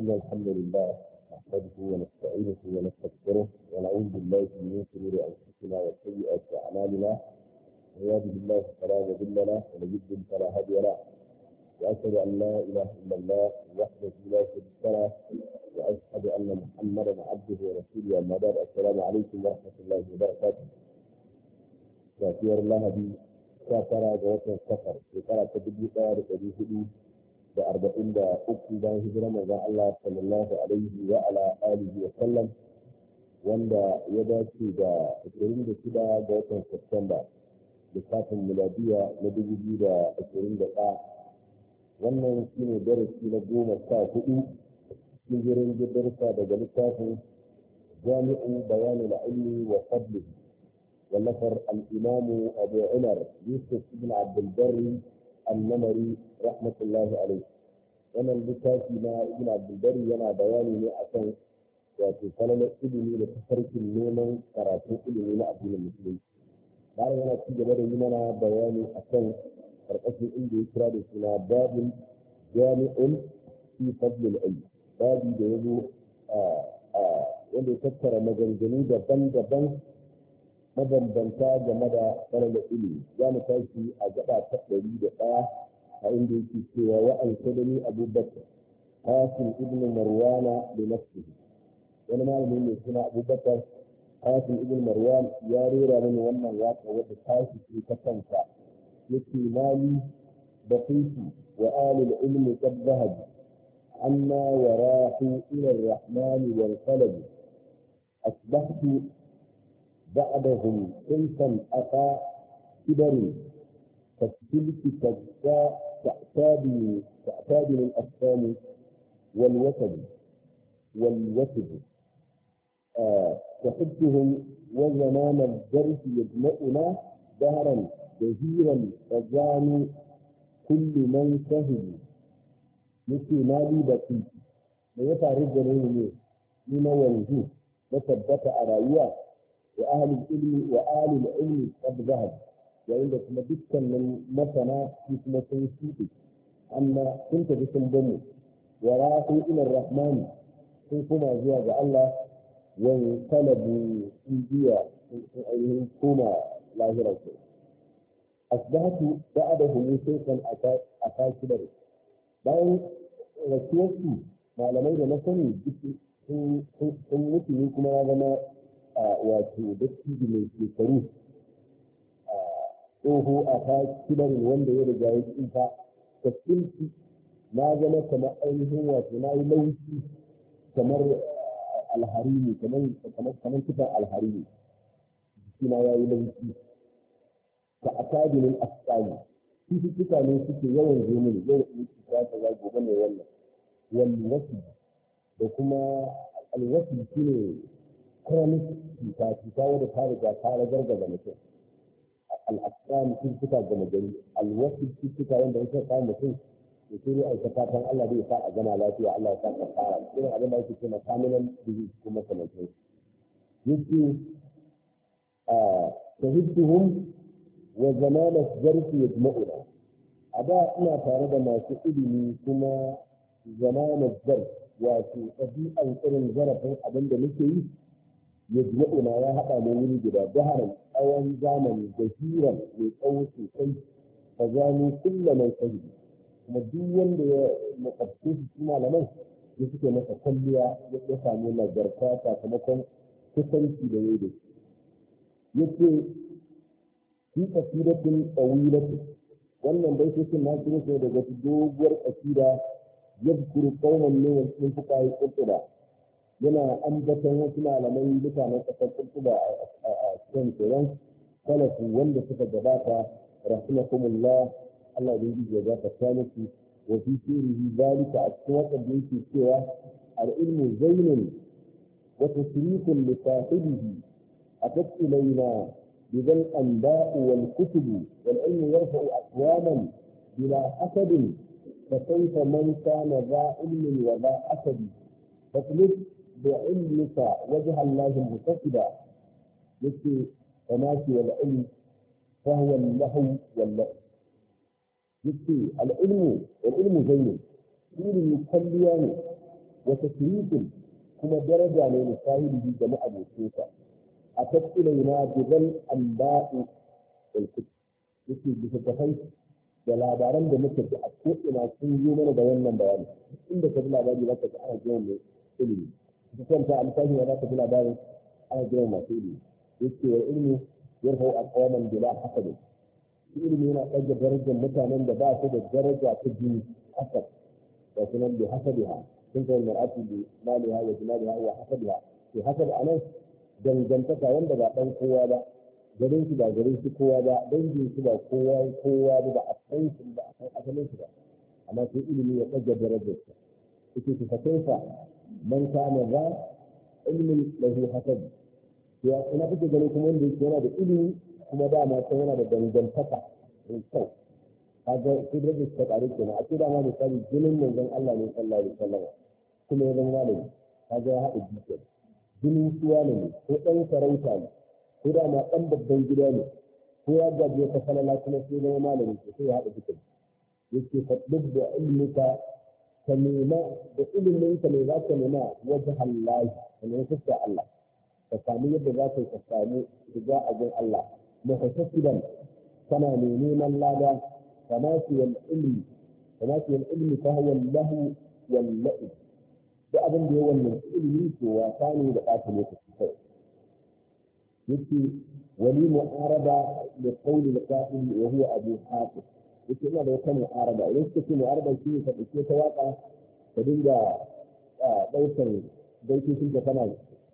إن الحمد لله نحمده ونستعينه ونستغفره ونعوذ بالله من شرور أنفسنا وسيئات أعمالنا من يهده الله فلا مضل له ومن يضلل فلا هادي له وأشهد أن لا إله إلا الله وحده لا شريك له وأشهد أن محمدا عبده ورسوله أما بعد السلام عليكم ورحمة الله وبركاته. يا الله دي سافر وكفر وكفر تبدي قارئ به da arba'in da uku bayan hijirar manzon Allah sallallahu alaihi wa ala alihi wa sallam wanda ya dace da 26 ga watan Satumba lissafin miladiya na 2021 wannan shine darasi na goma sha hudu hijirin darsa daga littafin jami'in bayanin ilmi wa fadlihi wallafar al'imamu abu umar yusuf ibn abdulbarri annamari rahmatullahi alaihi wannan littafi na ibn abdulbari yana bayani ne akan wato falalar ilimi da tafarkin neman karatun ilimi na addinin musulunci bayan yana ci gaba da yi mana bayani akan karkashin inda ya kira da suna babin jami'in fi fadlil ilm babi da ya zo ah, ah, wanda ya tattara maganganu daban-daban mabambanta game da falalar ilimi za mu tashi a gaba ta ɗari da ɗaya a inda yake cewa wa'an sadani abubakar hasim ibnu marwana da nafsihi wani malami mai suna abubakar hasim ibn marwan ya rera mini wannan waka wadda tashi ce ta kanta yake mali baqitu wa alil ilmi qad zahabu anna warahu ila ar-rahmani wal qalbi asbahtu بعدهم كيفا أتى فالسلك كالسلك كأعتاب من الأسلام والوتد والوتد آه تحدهم وزمان الجرح يجمعنا دهرا جزيرا فزان كل من سهل مثل مالي بكي ما يفعل رجل ne ni na وجوه na tabbata وأهل العلم وآل العلم قد ذهب وعند كما دكتن من مثلا في كما سنسيتي أن كنت بسنبمو وراقوا إلى الرحمن كنتما زوا الله وانقلبوا إيديا أيهم كما يرسل أصبحت بعدهم شيخا أكاكبر بري rasuwarsu رسولتي ما لم sani duk sun mutu ne kuma ya wato dattijo mai shekaru tsoho a ta wanda ya riga ya tsufa ta tsinci na zama kamar ainihin wato na yi laushi kamar eh, alharimi kamar kamar kitan alharimi na ya yi laushi ka a tajinin asali kika ne suke yawan zo mini yau in cuta ta za gobe ne wannan wani wasu da kuma alwasu ne. chronic cuta cuta wadda ta riga ta ragargaza mutum al'asam cututtuka gama gari alwasu cututtuka wanda ya sa mutum to sai dai aika fatan Allah zai sa a gama lafiya Allah ya sa ka fara irin abin da ake cewa terminal disease kuma sanatun yake tahidduhum wa zamana zarfi yajma'una a da ina tare da masu ilimi kuma zamana wato ɗabi'an irin zarafin abin da muke yi ya na ya haɗa ne wuri guda daharar tsawon zamani da hirar mai tsawo sosai fa zani kulla mai sahi kuma duk wanda ya makwabce shi su malaman ya suke masa kwalliya ya samu nagarta sakamakon kusanci da yau da shi yace fi kasidatin tsawilatu wannan bai na shi ne daga doguwar kasida yadkuru qauman min al-fuqaha al-qurtuba yana ambaton wasu malaman mutanen ƙasar kurkuba a cikin tsoron salafu wanda suka gabata rahimakumullah Allah ya yi ya zaka tsamu su wa fi sirri zalika a cikin wadanda yake cewa al zainin zainun wa tasrifu li sahibihi atat ilayna bi dal anba'u wal kutub wal ilmu yarfa'u aqwaman bila asadin fa kayfa man kana za'ilmin wa بعلمك وجه الله المنتسبة مثل وما والعلم العلم فهو اللهو واللهو مثل العلم والعلم زين علم كليان وتكليف كما درجة لصاحبه جماعة الشيخة أتت إلينا بذل أنباء الكتب مثل بتتفيت ولا labaran da muka ji a ko'ina sun yi mana da wannan bayani inda ka ji labari ka kwanta a misali ya za ka ji labarin ana jiran masu ilimi yake wa ilimi yarfau al'awaman bila hasadin ilimi yana ɗaga darajar mutanen da ba su da daraja ta biyu hasad da su nan bi hasadiha sun kai mar'atu bi maliha wa jimaliha wa hasadiha to hasad anan dangantaka wanda ba ɗan kowa ba garin su ba garin su kowa ba dangin su ba kowa ba ba a san ba ilimi ya darajar su yake su fa man kana za ilmin lahu hasad ya ina kuke gani kuma wanda yake yana da ilimi kuma dama ta yana da dangantaka mai kyau kaga kudrar da suka ƙaru kenan a ce dama misali jinin manzon Allah ne sallallahu alaihi wasallam kuma ya zama malami kaga ya haɗa jikin jinin suwa ne ko ɗan sarauta ne ko dama ɗan babban gida ne ko ya gaji ta falala kuma sai zama malami sai ya haɗa jikin yake faɗin da ilmika كميما بكل من كميما كميما وجه الله أن يخفى الله فسامي بذات فسامي بجاء جل الله محسسدا كما نينيما لا فما في العلم فما في العلم فهو الله واللئب بأبن هو المسئل هو ثاني بقات الوقت يبكي ولي معارضة لقول القائل وهو أبو حاتم yake ina da wata mu'araba idan suka ce mu'araba shi ne ka ɗauke ta waƙa ka dinga ɗaukar baitocin ka kana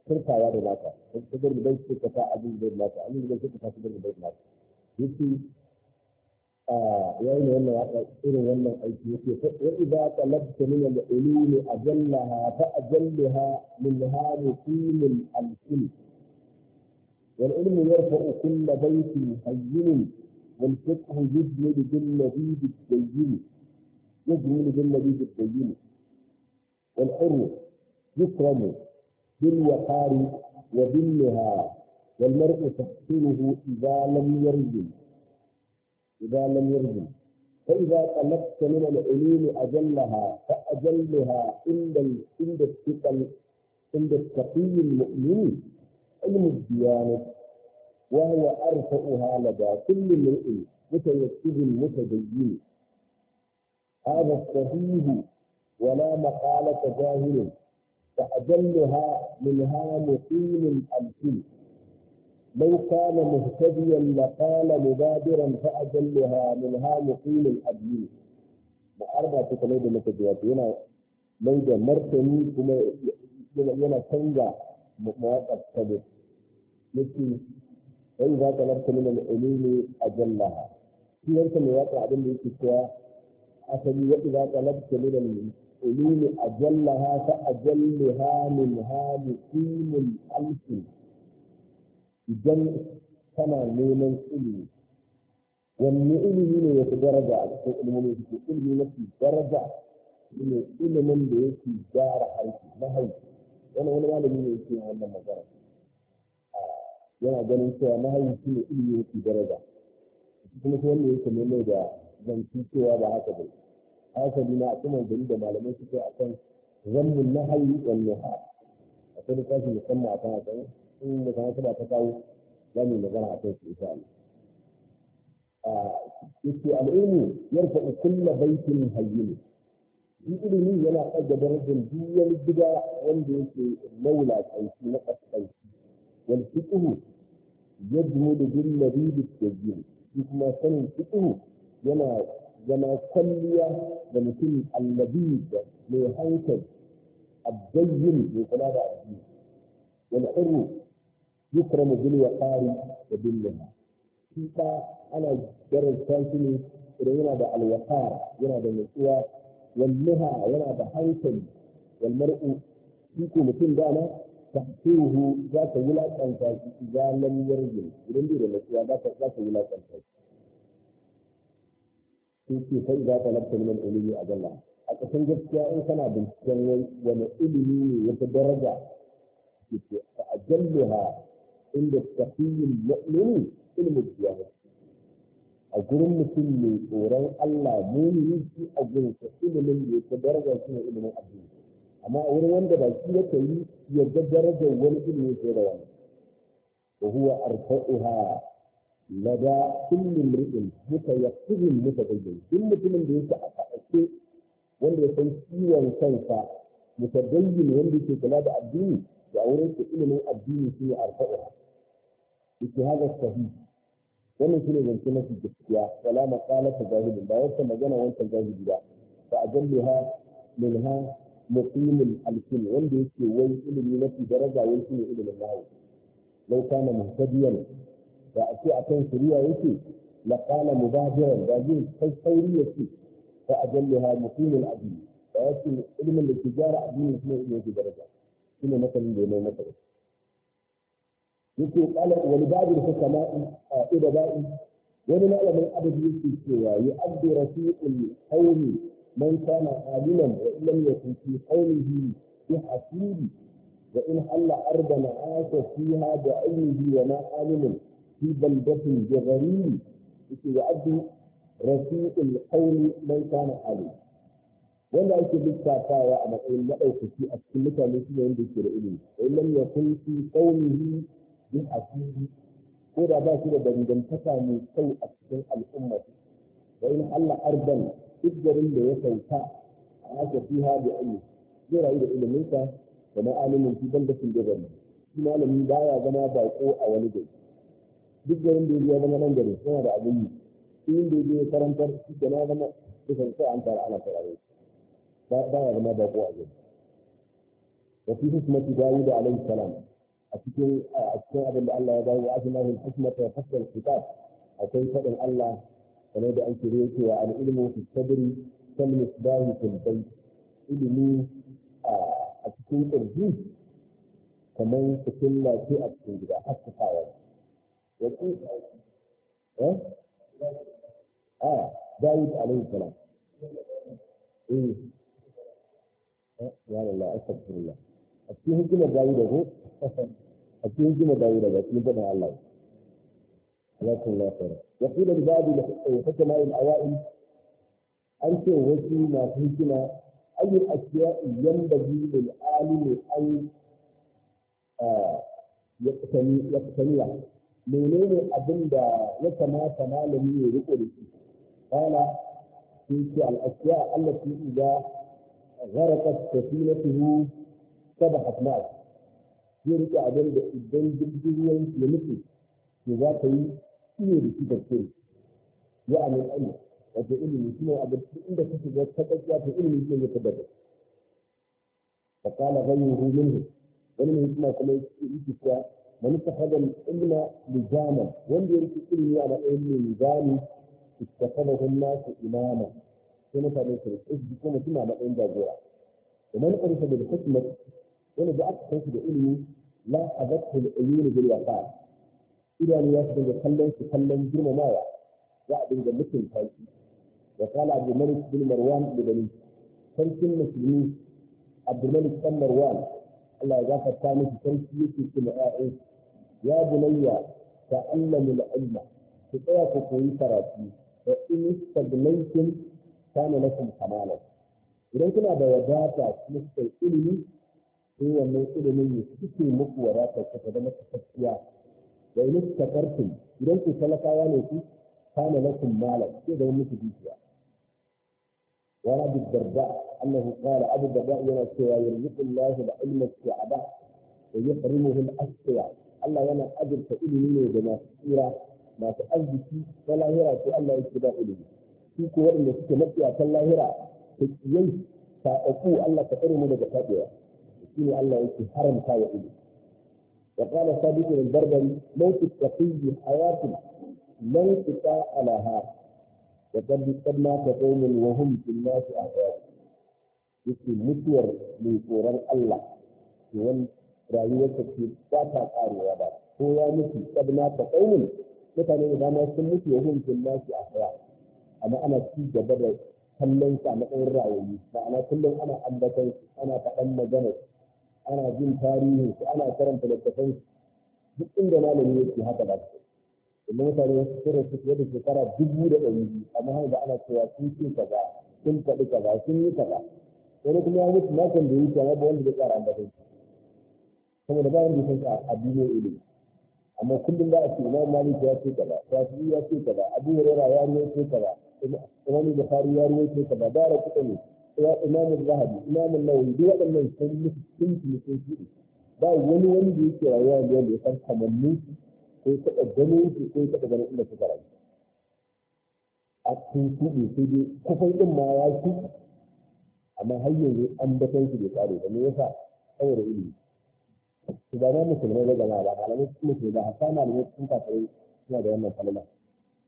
turkawa da naka ka gurbi bai su ka ta abin da naka abin da bai su ka ta gurbi bai naka yake yayin wannan waƙa irin wannan aiki yake wa idza talabta min al-ulum ajallaha fa ajallaha min hadu qimil al-ilm wal ilmu yarfa'u kull bayti hayyin والفتح يجمل بالنبيذ الدين يجمل بالنبيذ الدين والحر يكرم بالوقار وبالنهى والمرء تقتله إذا لم يرجم إذا لم يرجم فإذا طلبت من العلوم أجلها فأجلها عند عند الثقل عند التقي المؤمن علم الديانة وهو أرفعها لدى كل امرئ متيسر متدين هذا الصحيح ولا مقالة جاهل فأجلها منها مقيم الألفين لو كان مهتديا لقال مبادرا فأجلها منها مقيم الأدين ما أربع تقليد هنا لو ده مرتني كما ينا تنجا مواقف كبير وإذا طلبت من العلوم أجلها في وانت اللي واقع عدم الاتكاء أسلي وإذا طلبت من العلوم أجلها فأجلها منها مقيم الألف بجمع كما نوما إلي والمؤمن هنا يتدرجع المؤمن المؤمن نفسه درجة من الإلمن بيكي جار حيثي ما هو أنا وأنا ما لم يكن هذا المجرد yana ganin cewa mahayi shi ne ilimi yake daraja kuma shi wanda yake nuna da zanci cewa ba haka bai asali na a kuma gari da malamai suke a kan zammin nahayi wal nuha akwai littafi musamman a kan haka in da kan ba ta kawo za mu magana a kan su ne a yake yar yarfa kulla baitin hayyin shi ilimi yana ɗaga darajar duk wani gida wanda yake maula tsanci na ƙasƙanci والفقه يجمد بالذي بالتزيين شوف ما كان الفقه يما يما كلية لمثل اللبيب ليحنكب الدين من قلاب الدين والحر يكرم بالوقار وبالنهى شوف انا جرد كانتني يرينا بعد الوقار يرى بالنسوة والنهى يرى بحنكب والمرء يكون مثل ذلك tahtiruhu za ka wulaƙanta shi idan lam yarji idan bai da nasiya za ka za ka wulaƙanta shi sai ce sai za ka lafta min ilimi a jalla a kasan gaskiya in kana binciken wani ilimi ne wata daraja ke ce fa ajalluha inda tahiyyul mu'min ilmu diyana a gurin mutum mai tsoron Allah mumini shi a gurin ilimin da ya ta daraja shi ne ilimin addini amma a wurin wanda ba shi yake yi ya ga darajar wani ilimi sai da wani wa huwa arfa'uha lada kulli mri'in muka yaqihin muka bayyana duk mutumin da yake a fa'ace wanda ya san ciwon kansa mutabayyin wanda yake kula da addini da a wurin ilimin addini shi ne arfa'uha yake haka sahih wannan shine zance mafi gaskiya wala maqala ta ba wata magana wancan jahili ba fa ajalluha minha مقيم الحلسين عنده يكون إلمي نفي درجة وانده إلمي الله لو كان مهتديا فأتي أتين سريع يكي لقال مبادرا بعدين كي خوري يكي فأجلها مقيم العدين فأتي علم الاتجارة عدين اسمه إلمي نفي درجة كما مثلا بيمو مثلا يكي قال ولبعض الحكماء آه، إبدائي ولما لم يأبد يكي سوى يؤدي رفيق الحوني من كان عالما وان لم يكن في قومه بحسيب وان حل ارضا عاش فيها بعينه وما عالم في بلده بغريم بغريب يتوعد رفيع القوم من كان عالما ولا يكذب كافا يا ابا قيل لا اوكسي اسكلك المسلم عندك العلم وان لم يكن في قومه بحسيب ko da ba shi da dangantaka الأمة وإن حل أرضا duk garin da ya sauka a fi fiha da ilmi zai rayu da iliminsa da ma'alimin fi banda sun da gari shi malami baya zama bako a wani gari duk garin da ya zama nan gari yana da abin yi in da ya karantar shi da na zama kusan sai an tara ana saurare baya zama bako a gari وفي حكمة داود da السلام أتكلم أتكلم أبن الله داود أتكلم الحكمة kamar da ake yake cewa al'ilmu fi sabri kan misbahi fil bayt ilimi a cikin ƙirji kamar cikin lafi a cikin gida har ta kawo ya ce eh a dawud alayhi salam eh. eh ya Allah astaghfirullah a cikin hikimar dawud da ko a cikin hikimar dawud da cikin Allah لكن لا ترى يقول الباب لحكماء الاوائل انت توجه ما فيهما اي الاشياء ينبغي للعالم ان آه، يقتني يقتنيها منين ابن دا يتما تمام قال تلك الاشياء التي اذا غرقت سفينته سبحت معه يرجع ابن دا ابن جبجبيا لمثل اذا كان shine da shi tafsiri ya amin ilmi wato ilimi shine abin inda kake ga tabbaciya to ilimi shine ya tabbata fa qala ghayruhu minhu wani mai hikima kuma yake cewa man ittakhadha al-ilma lizaman wanda ya rike ilimi a matsayin lizami ittakhadahu an-nasu imama sai mutane su rike kuma suna matsayin jagora ومن عرف بالحكمة ولد أكثر في العلم لا أبته العيون بالوفاء idanu ya su dinga kallon su kallon girmamawa za a dinga mutunta shi wa kala abu bin marwan libani sarkin musulmi abu malik dan marwan Allah ya gafarta miki sarki yake kuma ya'yan ya bunayya ta'allamu al-ilma ku tsaya ku koyi karatu wa in istaghnaytum kana lakum kamalan idan kuna da wadata kuma ilimi sai wannan ilimin ne suke muku wadata ta zama cikakkiya wa in idan ku talakawa ne ku kana lakum malan sai da muku dukiya wa abu darda annahu qala abu darda yana cewa yarzuqu al-ilma as-sa'ada wa yuhrimuhu al-asqiya Allah yana ajirta ilimi ne da masu tsira masu arziki na lahira ko Allah yake ba ilimi su ko waɗanda suke matsiyatan lahira ta kiyai ta Allah ka tsare mu daga faɗewa shi ne Allah yake haramta wa ilimi وقال ثابت البربري موت التقي حياة لا a لها وقد قدما قوم وهم في الناس أحياء yake mutuwar mai tsoron Allah to wani ce ba ta karewa ba ko mutu kadna ta mutane da dama sun mutu ya hun sun a kaya amma ana ci gaba da kallon sa matsayin rayuwa ma'ana kullum ana ambatan ana faɗan maganar. ana jin tarihin su ana karanta littafin su duk inda malami yake haka ba su inda mutane wasu kira su fiye da shekara dubu da ɗari biyu amma har da ana cewa sun ce ga sun faɗi ga sun yi ga wani kuma ya mutu makon da yi kyanar ba wanda ya ƙara ba dai saboda ba wanda ya ka a duniyar ilimi amma kullum za a ce imam malik ya ce kaza shafi'i ya ce kaza abu hurairah ya ruwaito kaza da bukhari ya ka ba da ra kuɗa ne ya imamu zahabi imamu nawawi duk waɗannan sun musu sun fi sun shi ba wani wani da yake rayuwa da ya san kamannin su ko ya taɓa ganin su ko ya taɓa ganin inda suka rayu a sun kuɗe sai dai kufai ɗin ma ya kuɗe amma har yanzu an batan su bai tsare ba me yasa saboda ilimi su ba na musulmai da gaba ba malamai su musulmai ba hatta malamai sun kafirai suna da wannan kalma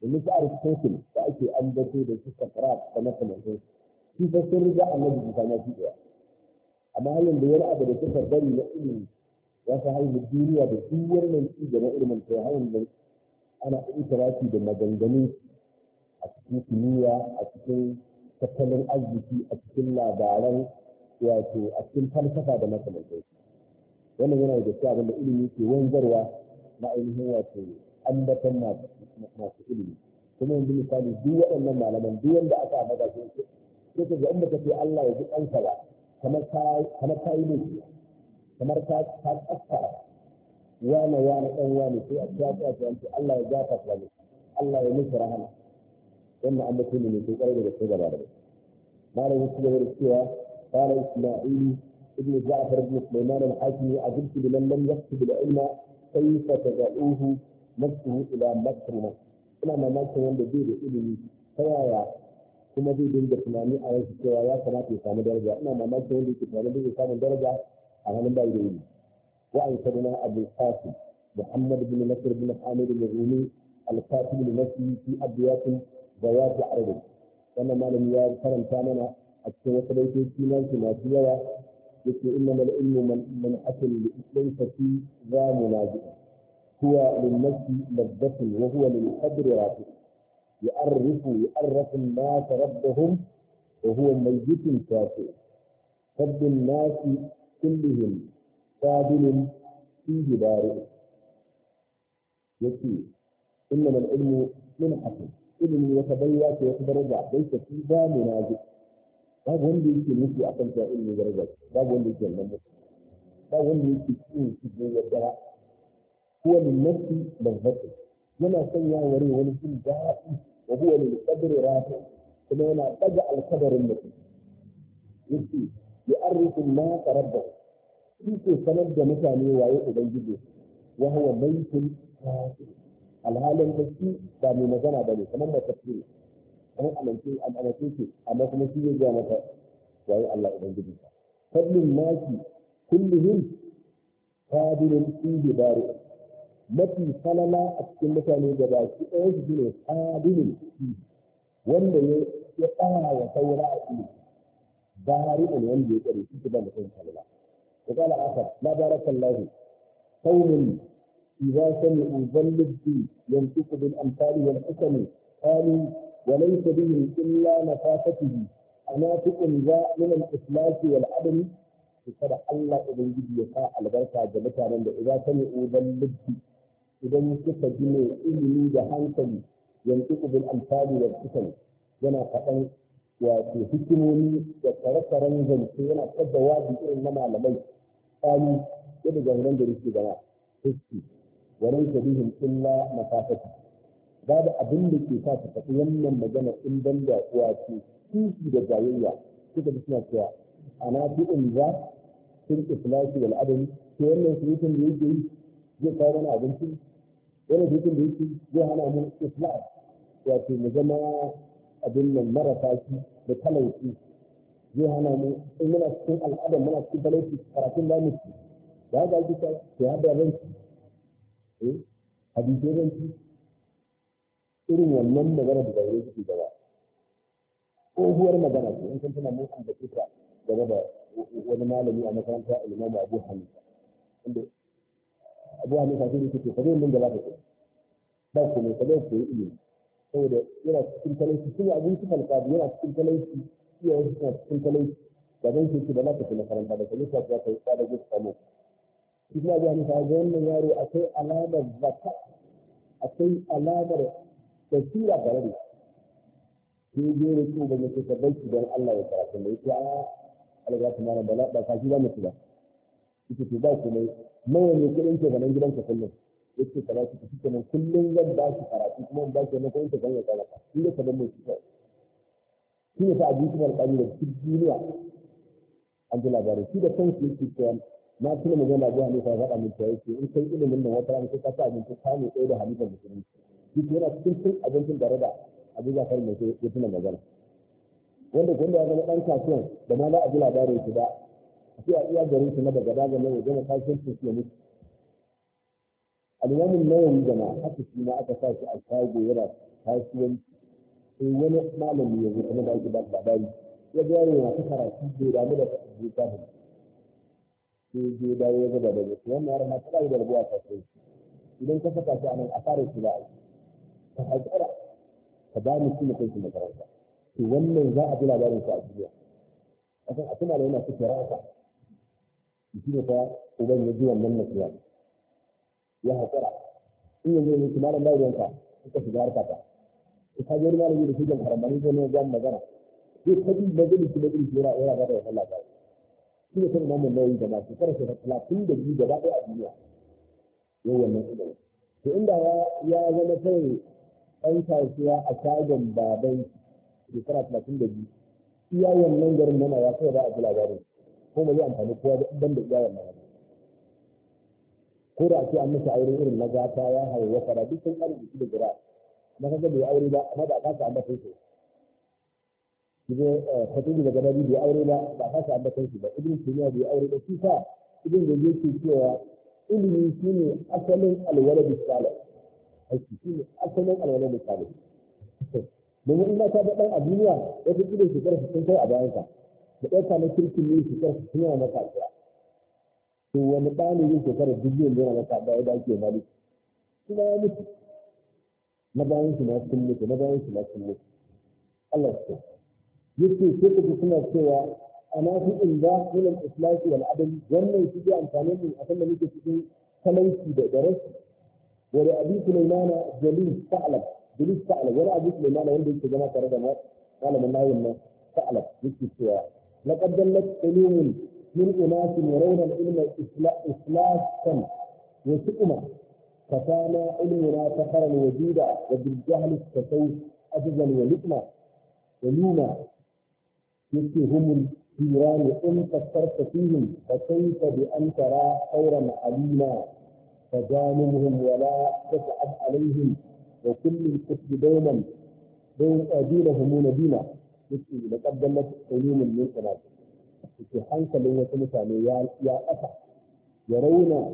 domin su arzikin da ake ambato da su sakara da makamantansu su sun riga annabi Musa na fi daya amma har yanzu wani abu da suka bari na ilimi ya sa haihu duniya da duk wannan ci da na ilimin ta har ana itirafi da maganganu a cikin kimiyya a cikin tattalin arziki a cikin labaran wato a cikin falsafa da makamantai wannan yana da cewa da ilimi ke wanzarwa na ainihin wato ambatan masu ilimi kuma yanzu misali duk waɗannan malaman duk wanda aka ambata su sai ka ga in baka ce Allah ya ji kansa ba kamar ka yi ne kamar ka tsaka wane wane dan wane sai a ta ta ta Allah ya gafarta ne Allah ya miki rahama wannan an mutum ne sai kare da gaba da malamin shi da cewa قال إسماعيل ابن جعفر بن سليمان الحاكمي عجبت لمن لم يكتب العلم كيف تدعوه نفسه إلى مكرمة ina mamakin wanda zai da ilimi kuma zai dinga tunani a yanzu cewa ya kamata ya samu daraja ina mamaki wanda yake tunanin zai samu daraja a hannun ba da ilimi wa an sadana abu qasim muhammad bin nasir bin hamid bin rumi al-qasim bin nasir fi abiyatin bayat arab wannan malami ya karanta mana a cikin wasu baitoci nan su masu yawa yake inna mal ilmu man asil laysa fi zamu naji huwa lin nafsi ladzatun wa huwa lil qadri rafi يعرف يعرف الناس ربهم وهو ميت كافر رب الناس كلهم قابل في جداره يكفي انما العلم من حكم ابن يتبلى فيخبر ليس في ذا منازل باب هم بيكي نسي أقل ذا علم درجة باب هم بيكي نمت باب هم بيكي نسي في الدنيا هو من نفسي من yana sanya wa rai wani jin daɗi wa huwa lil qadri rafi kuma yana daga Yake mutum yace yu'arrifu ma rabba shi ke sanar da mutane waye ubangiji wa huwa baitun alhalin da shi ba mai magana ba ne, kamar matafi kamar amince amince ce amma kuma shi yi ga mata waye Allah ubangiji fadlin maki kulluhum qadirun fi bari'a mafi falala a cikin mutane da ba su ɗaya su ne sabini wanda ya ɗara wa saura a ɗi ba hari ne wanda ya ƙare shi ba mutum falala ya ƙala aka labarakan lahi saurin iza sani uvallibdi yanzu ku bin amfani wani kuka ne kani walai sabihin illa na fasatihi a na fi ƙunza minan islaki wal adami kada Allah Ubangiji ya sa albarka da mutanen da iza uban uvallibdi idan suka ji mai ilimi da hankali yanzu ubin amfani da sukan yana faɗan wato hikimomi da tsare-tsaren zance yana tsada wajen irin na malamai tsani yadda gangan da rike gana hiski wani shabihin illa masafati babu abin da ke sa su faɗi wannan magana in ban da wato kishi da jayayya suka fi suna cewa ana fi in za sun islasi wal adam ke wannan surutun da yake yi zai kawo wani abincin? wani hutun da yake zai hana mu islam wato mu zama abin nan mara shi da talauci zai hana mu in muna cikin al'adar muna cikin talauci karatun da mu ci da haka ake ta ya da ranci eh hadisai ranci irin wannan magana da zaure suke gaba tsohuwar magana ce in kun tana mun ambace ta gaba da wani malami a makaranta imamu abu hanifa abu hanifa sai da kike kare mun da ka ba ku ne ku yi ilimi saboda yana cikin talauci sun abin su yana cikin talauci iya wasu suna da zan ce ba za ka fi makaranta da yi tsada gudu samu shi kuma wannan yaro akwai alamar zaka akwai alamar basira tare da shi ne ko ba ko don Allah ya karatu mai ko a alga ta mara bala ba ka ba mutu ba ita ce ba ku mai nawa ne kuɗin ke ganin ta kullum ya ce kaza ki tafi kenan kullum zan ba shi karatu kuma in ba shi na kuɗin ka ganin kaza in ya kaza mai ne ta kuma alƙali da cikin duniya an ji labarai shi da kansu yake cewa na tuna mu gana zuwa ne fa faɗa min ta yake in kai ilimin nan wata ranar sai ka sa abinci ka ne tsaye da halittar musulmi shi ke yana cikin cin abincin da rada da abu zakar mai ya tuna magana wanda kuma ya zama ɗan kasuwan da ma za a ji labarin shi ba a a iya garin su na daga daga nan ya gama kasuwancin su ya mutu alwamin nawa da na haka shi ma aka sa shi a shago yana kasuwanci sai wani malami ya zo kuma da ake ba labari ya ga yaro na karatu bai damu da kasuwanci ta hannu sai je dawo ya gaba da gaske wannan yaron na yi da rabuwa ta kasuwanci idan ka saka shi a nan a fara shi ba a yi ka haƙura ka ba mu kuma kai shi makaranta to wannan za a ji labarin su a duniya akan a tuna da yana cikin ra'asa shi ta uban ya ji wannan nasiya ya haƙura in yanzu ne kuma malam bayan ka suka shiga harka ta in ka wani malami da shigan harambani ko ne ga magana zai kaji majalisi majalisi yana yana gaba da wasan labari shi ne kan mamun nauyi da masu karshe da talatin da biyu gaba ɗaya a duniya yau wannan ilimi to inda ya zama kai ɗan kasuwa a shagon baban shekara talatin da biyu iyayen nan garin yana ya kai ba a ji labarin ko ba zai amfani kowa da ɗan da iyayen ma ko da ake an masa aure irin na gata ya haihuwa fara duk sun jiki da jira amma kaga bai aure ba amma ba a kasa amma sai kizo khatibu daga nabi bai aure ba ba ka sa amma sai ba ibn tuniya bai aure ba shi sa ibn da yake cewa ilimi shi ne asalin alwala alwalad salih aiki ne asalin alwala alwalad salih domin ina ta ba dan a duniya wata kila shekara 60 kai a bayan ka da ɗauka na kirkin ne shekar su yana na kasuwa to wani ɗalibin shekarar biliyan yana na kasuwa ya dace mali kuma ya mutu na bayan shi na sun mutu na bayan shi na sun mutu Allah ya yake sai ku suna cewa ana fi inda ilal islam wal adl wannan shi ke amfani mu akan da muke cikin talauci da darasi wani abu sulaimana jalil sa'lab jalil sa'lab wani abu sulaimana wanda yake zama tare da malamin nayin nan sa'lab yake cewa لقد دلت قلوب من أناس يرون العلم إفلاسا وسئما فكان علمنا فخرا وجودا وبالجهل استسوت أجزا ولقما ولينا يكفيهم الجيران إن فكرت فيهم فكيف بأن ترى خيرا عليما فجانبهم ولا تتعب عليهم وكل الكتب دوما دون دينهم دينا yake da kaddamar ilimin min ibad yake hankalin wasu mutane ya ƙasa ya rauna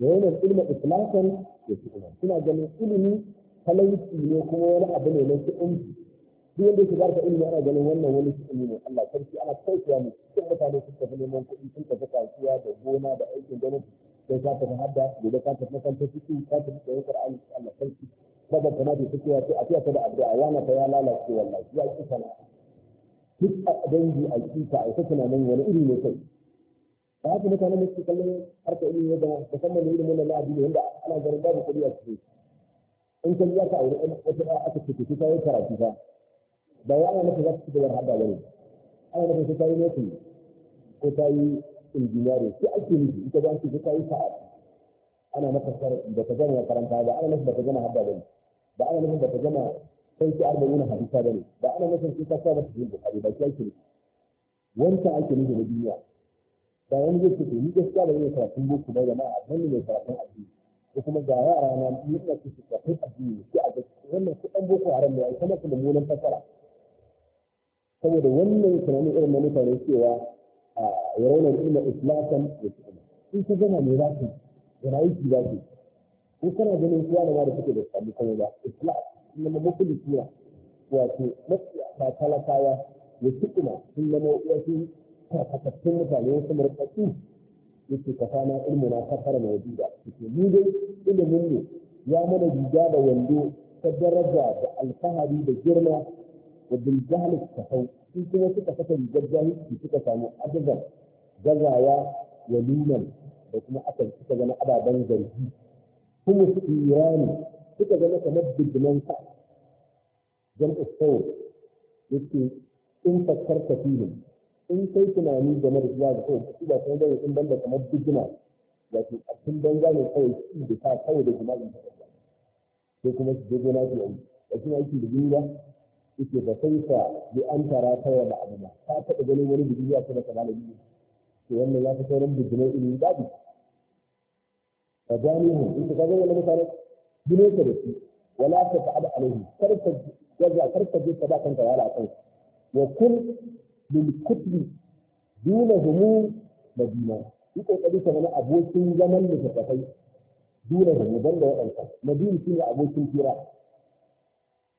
ya rauna ilmi islakan ya fi kuma suna ganin ilimi talauci ne kuma wani abu ne na su'unci duk wanda yake barka ilimi ana ganin wannan wani su'unci ne Allah sarki ana kaucewa mu cikin mutane sun tafi neman kuɗi sun tafi kasuwa da gona da aikin gwamnati sai ka tafi hadda gobe ka tafi makarantar ciki ka tafi tsayin Qur'ani Allah sarki kada kana da kuke wato a fiya ta da addu'a yana ta ya lalace wallahi ya ki sana'a duk a dangi a kika a na nan wani iri ne kai ba haka mutanen da suke kallon harkar ilimi ya zama musamman da ilimin na la'adi ne wanda ana ganin babu kuɗi a cikin in ka biya ka aure wata ɗaya aka ce ta yi karatu ba ba wai ana nufi za su ci gaba hada ba ne ana nufi sai yi nufi ko ta yi injiniyari sai ake nufi ita ba su yi sa'a ana maka da ka gama karanta ba ana nufi da ka gama hada ba ne ba ana nufin da ka gama sai ki arba'in hadisa bane ba ana nufin sai ka saba cikin bukari ba kai ki wanda ake nufi na duniya da wani zai ce ni gaskiya ba zai karatun boko ba da ma a mai ne karatun addini ko kuma ga yara na ni ina su karatun addini shi a gaskiya wannan ɗan boko haram ne ai kuma munan fasara saboda wannan tunanin irin na mutane cewa a yaraunar ina islasan da su in ku gama mai za da rayuki za ku ko kana ganin kowa da ma da suke da sami kuma ba islas nama mafilikiya mukulikura wato ba talakawa ya ci kuma sun nama wasu karkatattun mutane wasu murkaɗu ya ce ka fana ilmi na kafara mai duba ya ni dai ilimin ne ya mana riga da wando ta daraja da alfahari da girma da ta hau sun kuma suka kasa rigar jahilci suka samu adazan gazawa wa da kuma akan suka zama ababen zargi kuma su irani suka zama kamar bijiman sa jam'u sau yake in fakkarta filin in kai tunani game da zuwa ga kawai su ba kuma zai sun banda kamar bijima wato a cikin banza ne kawai su da ta kawai da jima'i ta kawai sai kuma su je gona su yi a cikin aiki da jini ba yake ba sai sa bi an tara kawai da abu ba ta taɓa ganin wani bijimi ya kuma kamar da jini to wannan ya fi sauran bijimai irin babu a jami'in in ka wani mutane dune ka da shi wala ta ta'ada alaihi kar ka gaza kar ka je ka ba kanka wala kai wa kun lil kutbi duna humu madina yi kokari ka wani abokin zaman da ka kai duna humu ban da wadanka madina shine abokin fira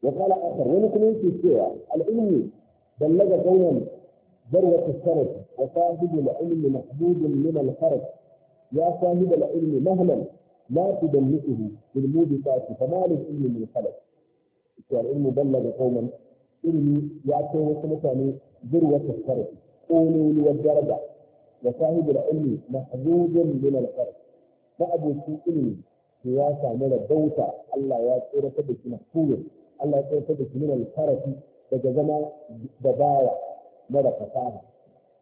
wa qala akhar wani kuma yake cewa al-ilmi ballaga qawlan ذروة السرد وصاحب العلم محبوب من الخرج يا صاحب العلم مهلا لا تدلئه بالموبقات فما للعلم من خلق والعلم بلغ قوما ilimi ya kai wasu mutane zurwa Ko ƙololuwar daraja da sahibu da ilmi mahzuzun min al-qar ma aboki ilimi to ya samu rabauta Allah ya tsorata da shi Allah ya tsorata da shi min daga zama da bawa mara fasaha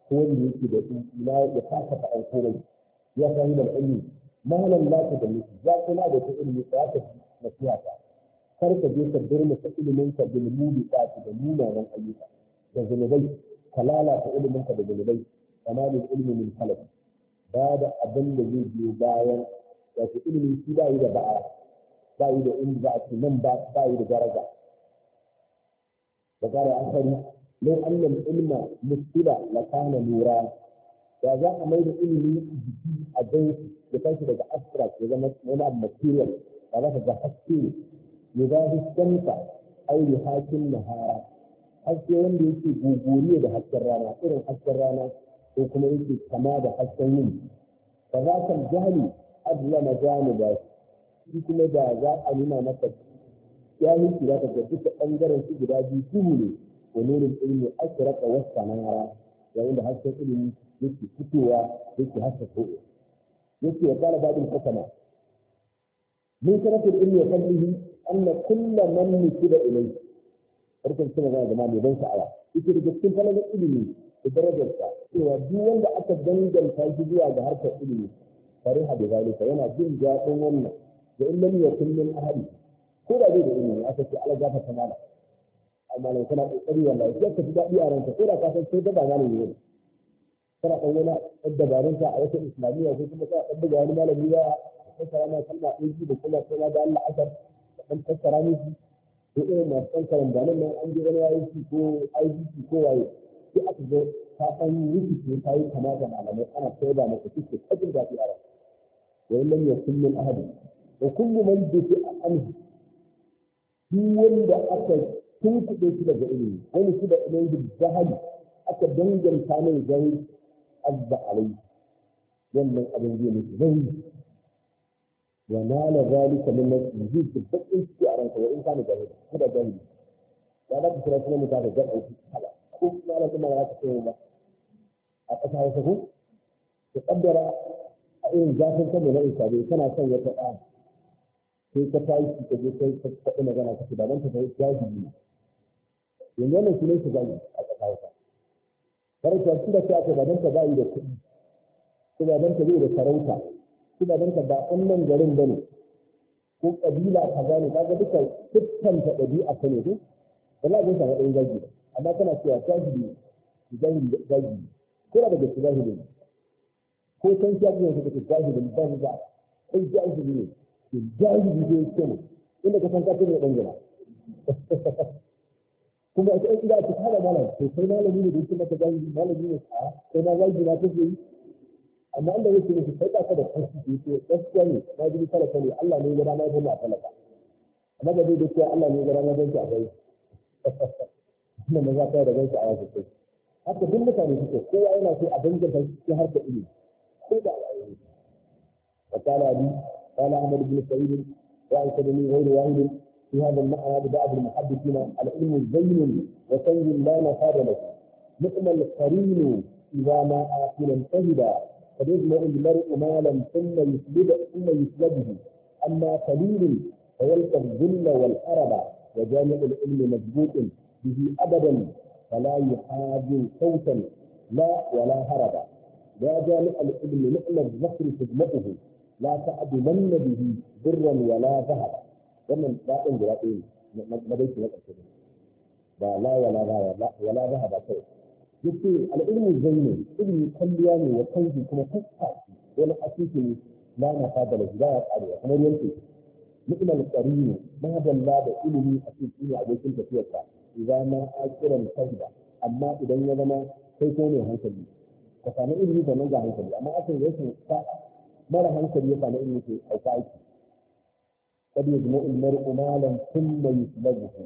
ko yake da ina ya kasa faɗan komai da malam la ta dalli za ka na da ilimi za ka nasiha ta kar ka je ka birma ka ilimin ka bil mubi ta da munanan ayyuka da zunubai ka lalata ilimin ka da zunubai tamamin ilmi min halak ba da abin da zai biyo bayan wato ilimi shi ba yi da ba'a ba yi da inda za a ce nan ba ba yi da daraja da gara akari لو أن العلم مشكلة لكان نورا da za a mai da ilimi jiki a gansu da tashi daga abstract ya zama wani abu material ba za ka ga haske ne ya za su aure hakin nahara haske wanda yake gogoriya da hasken rana irin hasken rana ko kuma yake kama da hasken yin ba za ka jahali adla na jani ba shi kuma da za a nuna maka yi za ka duka ɓangaren su guda biyu duhu ne wa nurin ilmi asiraka wasu sanara yayin da hasken ilimi yake fitowa yake hasa ko yake ya kara babin kasama min sharafin ilmi wa fadlihi anna kullu man nusida ilayhi barkan suna zama zama mai ban sha'awa yake da cikin falalar ilimi da darajarsa cewa duk wanda aka danganta shi zuwa ga harkar ilimi fariha da zalika yana jin daɗin wannan da in lam yakun min ahadi ko da zai da ilimi aka ce Allah gafarta mala amma ne kana kokari wallahi sai ka ji daɗi a ranka ko da ka san sai da ba malami ne kana ɗan wani ɗan dabarun a wata islamiyya ko kuma kana ɗan buga wani malami ya fassara ma kalma ɗin da kuma sai da Allah asar da ɗan fassara miki ko irin masu ɗan karambanin nan an je wani aiki ko aiki ko waye sai aka zo ta ɗan rikice ta yi kama da malamai ana koyar masa suke kajin daɗi a rai wa lam yakun min ahadi wa kullu man bi anhu shi wanda aka tunkuɗe shi daga ilimi wani shi da ilimi jahali aka danganta mai jahilci azza alai wannan abin zai mutu zai wa nala zalika min nafsi zai ci ciki a ranka wa in kana jahili kada jahili ya da ka kira kuma mu ta da jan aiki kala ko kuma na kuma za ka tsaye ba a ƙasa hausa ko ku kaddara a irin zafin kan mai na isa bai kana son wata ɗa sai ka shi ka je sai ka faɗi magana ka ce ba don ta fahimci jahili yanzu wannan ne shi zai a ƙasa hausa farauta su da ta ba don ka ba da kuɗi su ba don ka da sarauta su ba don ka ba nan garin ba ne ko ƙabila ka gane ka ga duka dukkan ta ɗabi'a ta ne duk ba sa a gaji. amma kana cewa zahiri zahiri zagi ko da daga zahiri ne ko san shi ga yanzu daga zahiri ne ban za kai gaji ne zahiri zai ce mu inda ka san ka ne ɗan gina kuma a cikin gida a cikin hada malam to sai malami ne da yake maka zagi malami ne a sai na zagi na kake yi amma Allah yake ne sai ka ka da kashi da yake gaskiya ne na ji talaka ne Allah ne ya rama ya talaka amma da dai gaskiya Allah ne ya rama ya a bai kuma mun za ta da ganki a yau sai haka duk mutane suke kowa yana so a danga da shi har da ilimi ko da wa ta'ala bi qala ahmad bin sa'id wa an kadani ghayru wahid في هذا المعنى لبعض المحدثين العلم زين وسيد لا نفاد له مثل نعم القرين اذا ما اكل انتهدا قد يجمع المرء مالا ثم يسلب ثم يسلبه اما قليل فيلقى الذل والحرب وجامع العلم مجبوط به ابدا فلا يحاج صوتا لا ولا هربا لا جامع العلم نعم الذكر خدمته لا تعدمن به برا ولا ذهبا wannan daɗin guda ɗaya ne madaici na ƙarshe ba la wala ba wala ba ba kai yace al'ilmi ne ilmi kwalliya ne ya kanji kuma kuka wani asisi ne la na fada da zuwa ya ƙare kamar yanke mu'mal qarinu ma dalla da ilimi asisi ne abokin tafiyarsa idan ma a akiran ba amma idan ya zama kai ko ne hankali ka samu ilimi da nan ga hankali amma akan rashin sa'a mara hankali ya samu ilimi sai aiki kad yajma'u al-mar'u malan thumma yuslabuhu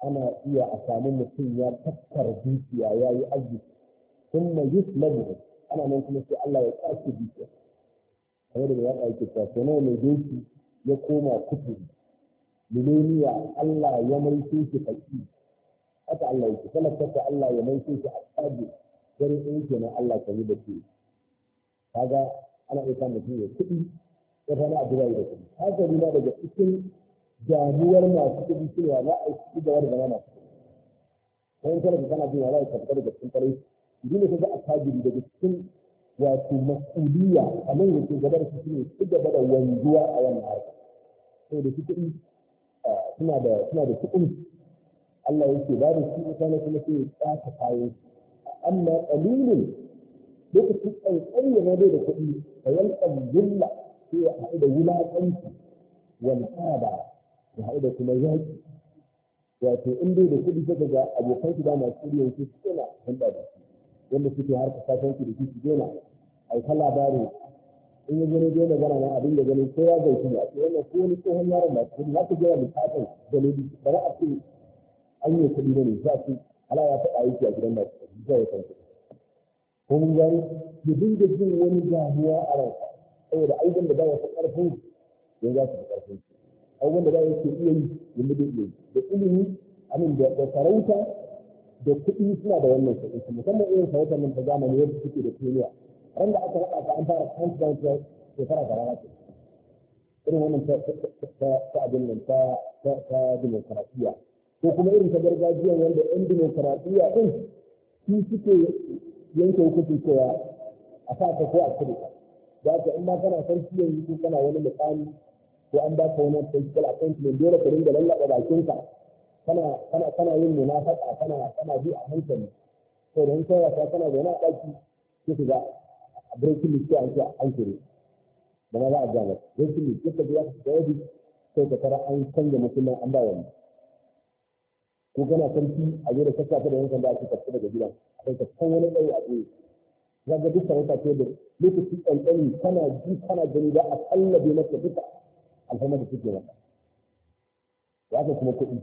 ana iya a samu mutum ya tattara dukiya ya yi arziki thumma yuslabuhu ana nan kuma sai Allah ya kwace dukiya kamar da ya kwace ta sai nawa mai doki ya koma kuturi miloniya Allah ya mai shi fakki haka Allah yake talaka Allah ya mai shi a tsadi garin ɗin kenan Allah ka yi da ke kaga ana iya samun mutum ya kuɗi wata na abu da kuɗi haka ne daga cikin damuwar masu kuɗi cewa za a yi kuɗi da wani zama masu kuɗi wani talaka kana jin wala ka fita daga cikin kwarai idan ne kaga attajiri daga cikin wato mas'uliya a nan yake gabar su shine su gaba da wanzuwa a wannan harka saboda su kuɗi suna da suna da kuɗin Allah yake ba da su mutane kuma sai ya tsaka kayan amma qalilun lokacin tsantsanya na da kuɗi bayan qallilla sai ya haɗu da wulaƙanci wal kada ya haɗu da kuma yaƙi wato in dai da kuɗi sai ga abokan su da masu kuɗi yanzu su tsena hulɗa da su wanda suke harka kasanci da su su dena ai ta labari in ya gani dai gana na abin da ganin ko ya zai ne a ce wannan ko wani tsohon yaron masu kuɗi za ka gina bukatar dalili ba za a ce an yi kuɗi ne za a ce ala ya faɗa aiki a gidan masu kuɗi zai ya kan kuɗi ko mun gani dinga jin wani damuwa a ransa saboda abubuwan da ba ya fi ƙarfin don za su fi ƙarfin su abubuwan da ba ya ke iya yi yanzu zai iya yi da ilimi amin da sarauta da kuɗi suna da wannan kuɗi su musamman irin sarautar nan ta zamani yadda suke da duniya ran da aka raɗa ka an fara countdown ta shekara da rana ce irin wannan ta abin nan ta dimokuraɗiyya ko kuma irin ta gargajiya wanda yan dimokuraɗiyya ɗin su suke yanke hukuncin cewa a sa ta ko a cire ta da haka in ma kana sarki yanzu ko kana wani misali ko an baka wani political appointment dole ka dinga lallaba bakinka kana kana kana yin munafaka kana kana bi a hankali to dan kai ka kana zauna a daki ko ka ga breaking list an ce an kire da na za a gane breaking list ka ga da yadi sai ka fara an canza musulman an ba wani ko kana sarki a gida kasa ka da yankan da ake tafi daga gidan sai ka san wani tsaye a tsaye ya ga duka wata ce da lokaci ƙanƙani kana ji kana gani za a kallabe masa duka alhamar da suke masa ya ka kuma kuɗi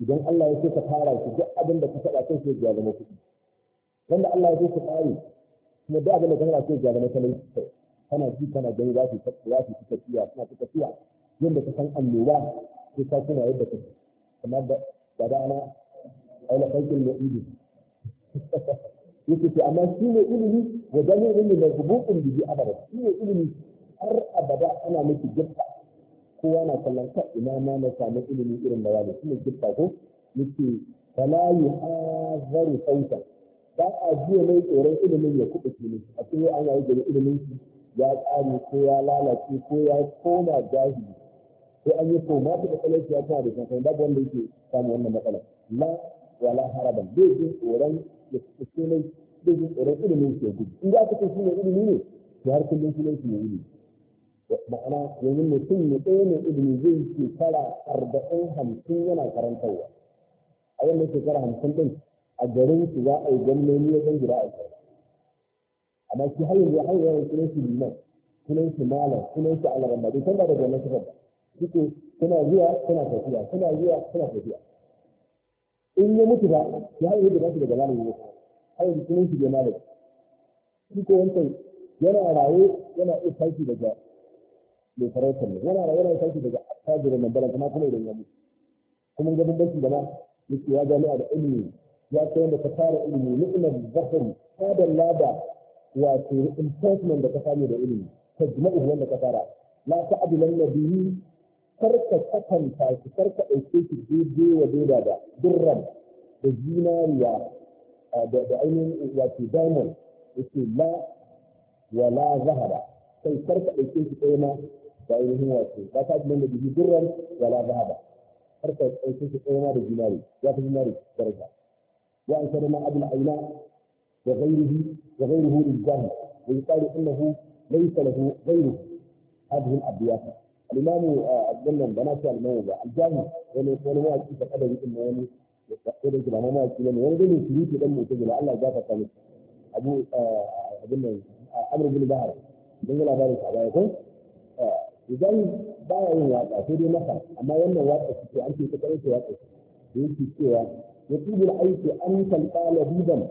idan Allah ya so ka tara shi duk abin da ka faɗa sai sai ya zama kuɗi wanda Allah ya so ka tsare kuma duk abin da ka faɗa sai ya zama talauci kana ji kana gani za su za su tafiya suna tafiya yadda ka san annoba sai ka kuma yadda ka kamar da da ana aula kalkin mu'idi yake ce amma shi ne ilimi wajen zahir ilmi da gubukun bihi abada shi ne ilimi har abada ana miki gifta kowa na kallon ka ina ma na samu ilimi irin da wani ne gifta ko yake kalayi yuhazaru sauta ba a jiya mai tsoron ilimin ya ke ne a cikin an yayi gari ilimin shi ya tsare ko ya lalace ko ya koma jahili ko an yi koma da matsalar ya tana da kankan babu wanda yake samun wannan matsalar Na wala haraban tsoron ya fuske mai zai tsoron ilimin ke gudu in da aka ce ilimi ne to har kullum sunan ne ilimi ma'ana yanzu mutum ne ɗaya ilimi zai yi shekara arba'in hamsin yana karantarwa a wannan shekara hamsin ɗin a garin su za a yi gwamnoni ya zangira a kai amma shi har yanzu har yanzu sunan shi liman sunan shi malam sunan shi alaramba bai canza daga wannan suke suna zuwa suna tafiya suna zuwa suna tafiya in ya mutu ba ya yi da bashi daga malami ne ai da sunan shi da malami shi ko wancan yana raye yana iya tashi daga mai farautar ne yana raye yana iya tashi daga attajirin nan balanta ma kuma idan ya mutu kuma ga bambanci da ma yake ya jami'a da ilimi ya kai da ka fara ilimi ni'imar zafari ta da lada wato impeachment da ka samu da ilimi ta jima'u wanda ka fara la ta'adu lan nabiyyi karka kwatanta shi karka ɗauke shi daidai wa daida da durran da zinariya da ainihin wato diamond yake la wala zahara kai karka ɗauke shi kai ma da ainihin wato ba ta da bihi durran wala zahara karka ɗauke shi kai ma da zinari ya fi zinari daraja wa an sarama abul aina da ghairihi da ghairihi lil jahil wa yuqalu innahu laysa lahu ghairuhu hadhihi al-abyat الإمام أتمنى بنات الموضة الجامع يعني وانا ما أكيد فقد يمكن يعني يستقر كده ما أكيد يعني وانا دايما سويت دم وتجي الله جاب ثاني أبو أتمنى أمر بن بحر من لا بارك ko يكون idan baya yin waka sai dai masa amma wannan waka su ce an ce ta kare ta waka da yake cewa ya tubu aiki an kalba labiban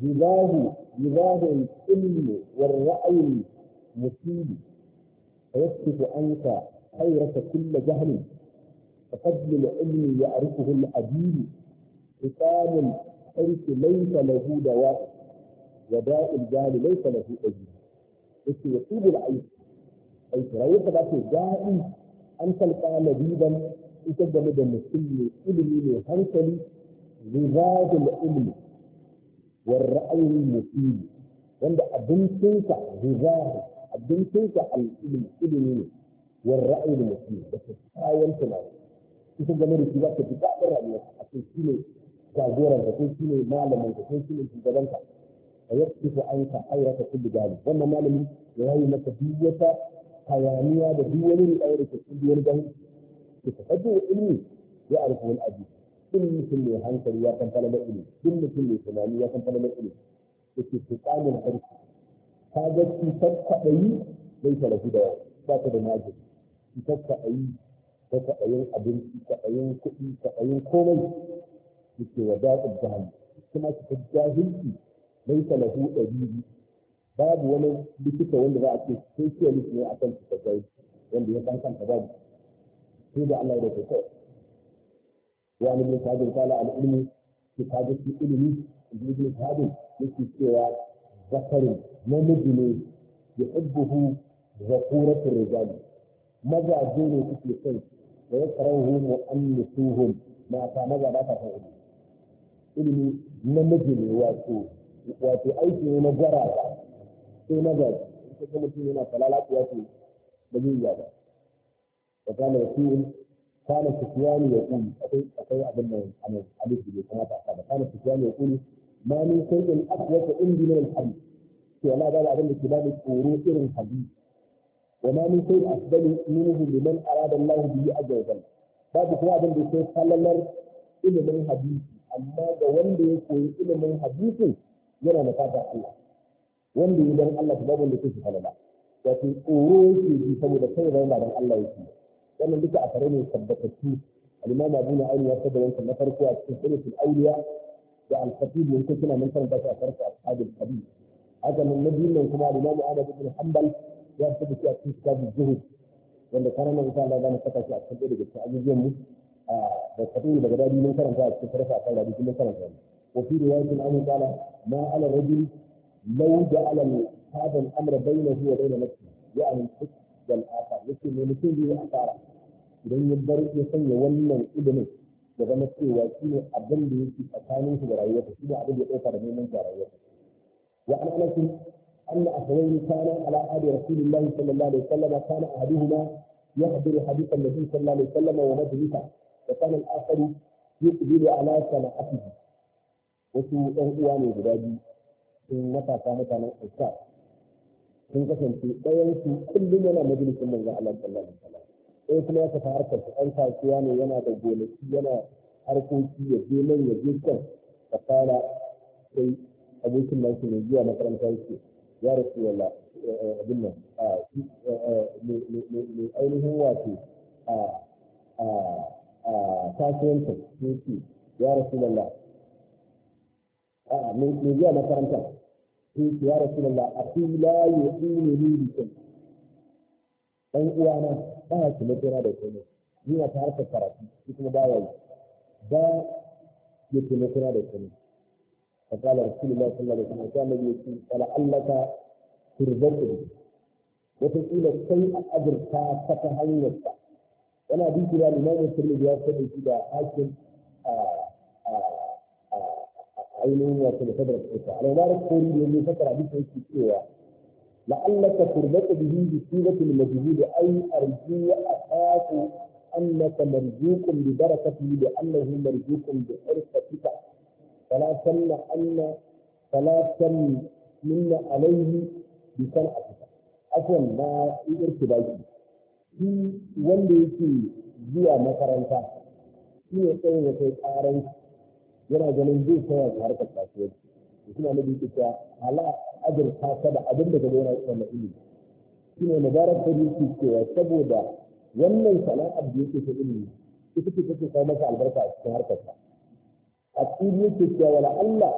jibahu jibahun ilmi war ra'ayin musibi فيكشف عنك حيرة كل جهل فقبل العلم يعرفه الأديب حكام الحرص ليس له دواء وداء الجهل ليس له أجل بس يطيب العيش أي تروح ذات الدائي أن تلقى لبيبا يتجمع ده مسلم إلمي هنكلي لذات العلم والرأي المفيد وعند أبنتك غذاه abincinsa al'ilmi ilimi ne wa ra'ayin mutum da kayan tunani kusa game da shi za ka fi daɗin rayuwa a kai shi ne jagoran ka kai shi ne malamin ka kai shi ne shugaban ka a yadda an ka ayyaka ka kulli gani wannan malami ya yi maka duk wata hayaniya da duk wani ne ɗaya da ke cikin wani gani ke tafaddu ya arfi wani abu duk mutum mai hankali ya san falalar ilmi duk mutum mai tunani ya san dake ilmi da ke tuƙanin harshe ka ga cutar kaɗayi zai ta rabu da ba ta da magani cutar kaɗayi ta kaɗayin abinci kaɗayin kuɗi kaɗayin komai da ke wa daɗin jahil kuma cutar jahilci zai ta rabu ɗabi'i babu wani likita wanda za a ce specialist ne a kan cutar jahilci wanda ya san kanta babu sai da Allah ya da kai وعن ابن سعد قال عن علمي كتابة علمي ابن سعد يكتب ذكر namiji ne ya ɗabbuhu zakuratun rizal mazaje ne suke son da ya an mu'annisuhum mata maza ba ta san ilimi namiji ne wato wato aiki ne na jaraba sai mazaje in ka mutum yana falala ko wato da zai ya ba wa kana yaqul kana ya yaqul akwai akwai abin da anan alif ne kamata a kada kana ya yaqul ma sai in aqwa indina al-hadith ولا بال عن الكتاب الكورو حديث وما من شيء افضل منه لمن اراد الله به اجر وجل بعد كل عن الكتاب صلى الله عليه وسلم من حديث اما وان يكون الى من حديث يرى مكاتب الله وان يدعو الله تبارك وتعالى لكي يفعل الله لكن كورو في سبب الخير غير أن الله يسير لأن لك أثرين يثبتكي الإمام أبونا أن يرتد وأنت النفر في الأولياء وعن الخطيب وأنت أن من فرنسا أثرت أصحاب الخبيث هذا من نبي من كما الإمام أحمد بن حنبل يكتب في كتاب الزهد وإن كان ان تعالى إذا نفتح في أكثر ذلك التعزيز يمو فالخطيب بغداد دي من كرم فائد كفر فأقل هذه من كرم فائد وفي رواية الأمر قال ما على الرجل لو جعل هذا الأمر بينه وبين نفسه يعني الحس والآثار لكن من يكون به آثار إذا يقدر يسمي ولن ابنه يظن فيه وكيل أبن به في أكانه في رعيته إذا أبن يؤثر من من رعيته وعن انس ان اخوين كانا على عهد رسول الله صلى الله عليه وسلم كان احدهما يحضر حديث النبي صلى الله عليه وسلم ومجلسه وكان الاخر يقبل على صنعته wasu ‘yan uwa ne guda biyu sun matasa mutanen Ansar sun kasance ɗayan su kullum yana majalisin manzo Allah sallallahu alaihi wasallam ɗaya kuma ya tafi harkar su ɗan kasuwa ne yana da gonaki yana harkoki ya je nan ya je can ka fara sai abokin da ake mai zuwa makaranta yake ya rasu wala eh, abin nan mai ainihin wato a kasuwanta ne ce ya rasu wala mai zuwa makaranta ne ce ya rasu wala a fi la yi tsini ne bikin ɗan uwana ba ya ci mutura da kuma ni na ta harkar karatu shi kuma ba ya yi ba ya ci mutura da kuma فقال رسول الله صلى الله عليه وسلم يا نبي فلعلك به وتقول الشيء اجر كافه هنيتك وانا بيت الى الامام الترمذي يرسل آه، آه، آه، الى حاكم عينه وفي الفترة الأخرى، أنا ما أعرف قولي لأنه فترة عديدة في لعلك تربط به بصيغة المجهود أي أرجو أخاف أنك مرزوق ببركته لأنه مرزوق بحرصتك فلا تمنع أن فلا تمن عليه بصنعتك عفوا ما يرتبك shi wanda yake zuwa makaranta shi ne tsaye ya kai ƙaran yana ganin zai tsaya ta harkar kasuwanci suna na biyu cewa ala azurta da abin da gaba yana wannan ilimi shi ne mubarak ta biyu cewa saboda wannan sana'ar da yake ta ilimi ita ce take kawo masa albarka a cikin harkarsa أقول fili yake cewa wala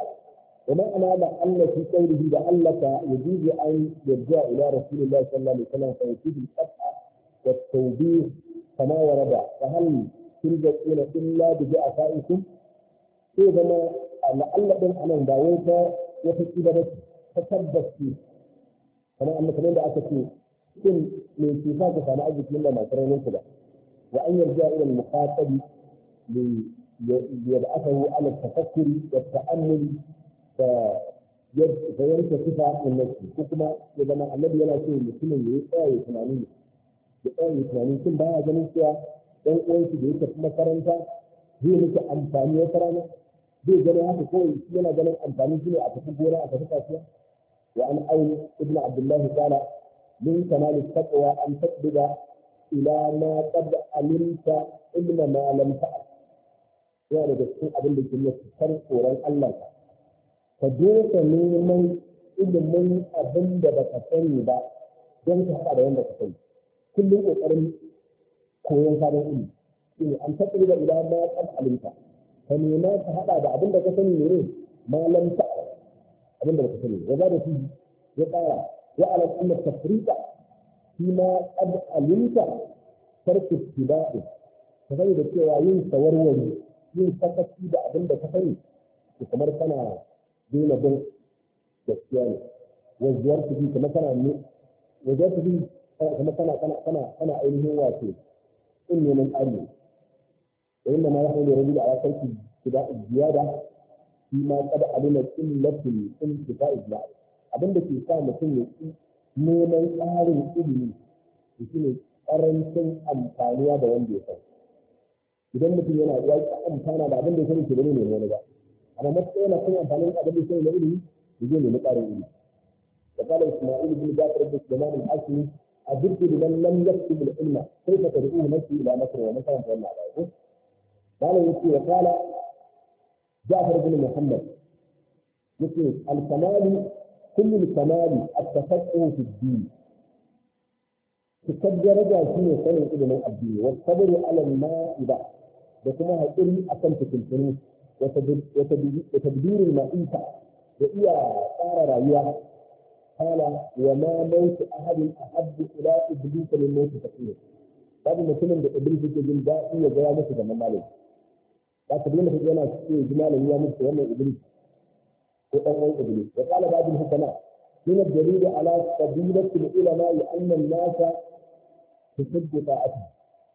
وما أنا أن في قوله لعلك يجوز أن يرجع إلى رسول الله صلى الله عليه وسلم فيجوز الفتح والتوبيخ كما ورد فهل إلى إلا فائكم إذا ما لعل بن أنا داويت وتكيد تثبت كما أن كمان ده أتكي إن من صفاته فأنا أجد مما ما ترى كده وأن يرجع إلى المخاطب ليبعثه على التفكر والتأمل فينتفع عن نفسه كما إذا النبي لا شيء مسلم يقاوي ثمانية يقاوي ثمانية كم بها جميل سوى ɗan uwansu da ya tafi makaranta zai miki amfani wata rana zai gani haka kawai shi yana ganin amfani shi ne a tafi gona a tafi kasuwa wa an auni ibnu abdullahi qala min kamali taqwa an taqbida ila ma qad alimta ilma ma lam ta'lam yana da cikin abin da ke nufi kan tsoron Allah ka ka dosa neman ilimin abin da ba ka sani ba don ka haɗa da wanda ka sani kullum ƙoƙarin koyon sabon ilimi shine an taɓa da ila ma kan alimta ka nema ka haɗa da abin da ka sani ne ma lam ta abin da ba ka sani ya ba da shi ya ƙara ya ala kuma tafrika shi ma qad alimta tarku tibai ka sani da cewa yin sawarwari yin sakaci da abin da ka sani to kamar kana dina bin gaskiya ne wajiyar ku kuma kana ne wajiyar ku kamar kana kana kana kana ainihin wato in neman ƙari da inda ma ya hau da rabu da alaƙar ki guda ziyada shi ma kada a nuna in kita ijla abin da ke sa mutum ya ci neman ƙarin ilimi shi ne ƙarancin amfaniya da wanda ya sani idan mutum yana ya ki amfana da abin da ya sani ke da ne wani ba amma matsayi yana kuma amfani da abin da ya sani da ilimi ya je nemi ƙarin ilimi وقال اسماعيل بن جعفر بن سليمان الحاشمي أجبت لمن لم يكتب العلم كيف تدعوه نفسي إلى مصر ومثلا فإن على قال يقول وقال جعفر بن محمد يقول الكمال كل الكمال التفقه في الدين تقدر رجع فيه سنة ابن الدين والصبر على الماء إذا da kuma haƙuri a kan fitintunu da tabbirin ma'ita da iya tsara rayuwa kala wa ma mautu ahadin ahabbu ila iblisa min mautu fakir babu mutumin da iblis yake jin daɗi ya gaya musu da mamalin ba ka dole kaje yana cikin jimalin ya musu wannan iblis ko dan uwan iblis wa kala babu hukama من الدليل على فضيلة العلماء أن الناس تحب طاعتهم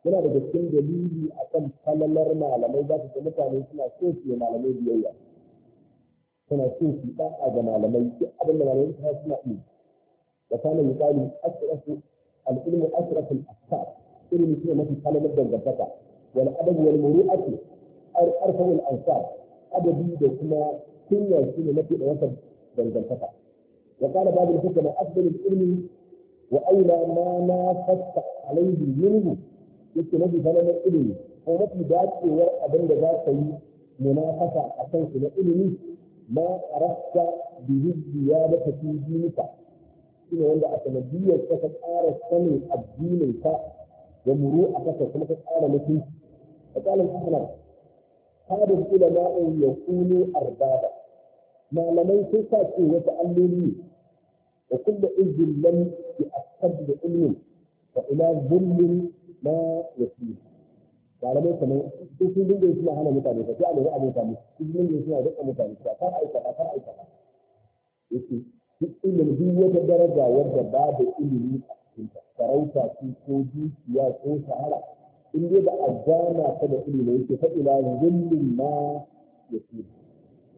yana daga cikin dalili akan falalar malamai za su ga mutane suna so su yi malamai biyayya suna so su da'a ga malamai duk abin da malamai suna suna yi da kana misali asrafu al-ilmu asrafu al-afkar ilmi shine mafi falalar dangantaka wal adab wal muru'atu arfa al ansab adabi da kuma kunya shine mafi dawata dangantaka wa kana babu hukuma afdal al-ilmi wa aula ma ma fatta alayhi minhu yake mafi na ilimi ko mafi dacewar abin da za ka yi munafasa a kan su na ilimi ma arasta bihi ziyadata fi dinika shine wanda a sanadiyar ka ƙara sanin addinin ka da muru a kasa kuma ka ƙara mutunci a ƙalin ahmad hadin ulama'in ya kunu arbaba malamai sun sa ce wata alloli wa kulla izin lam bi asab da ilmin wa ila zulmin na wasi malamai kamar sun sun dinga suna hana mutane ka sai a lura abin kamu sun dinga suna rika mutane ka kar aikata kar aikata yake duk ilimin duk wata daraja wadda babu ilimi a cikinta sarauta su ko dukiya ko shahara in dai ba a gana ta da ilimi yake ta ila zullin ma yake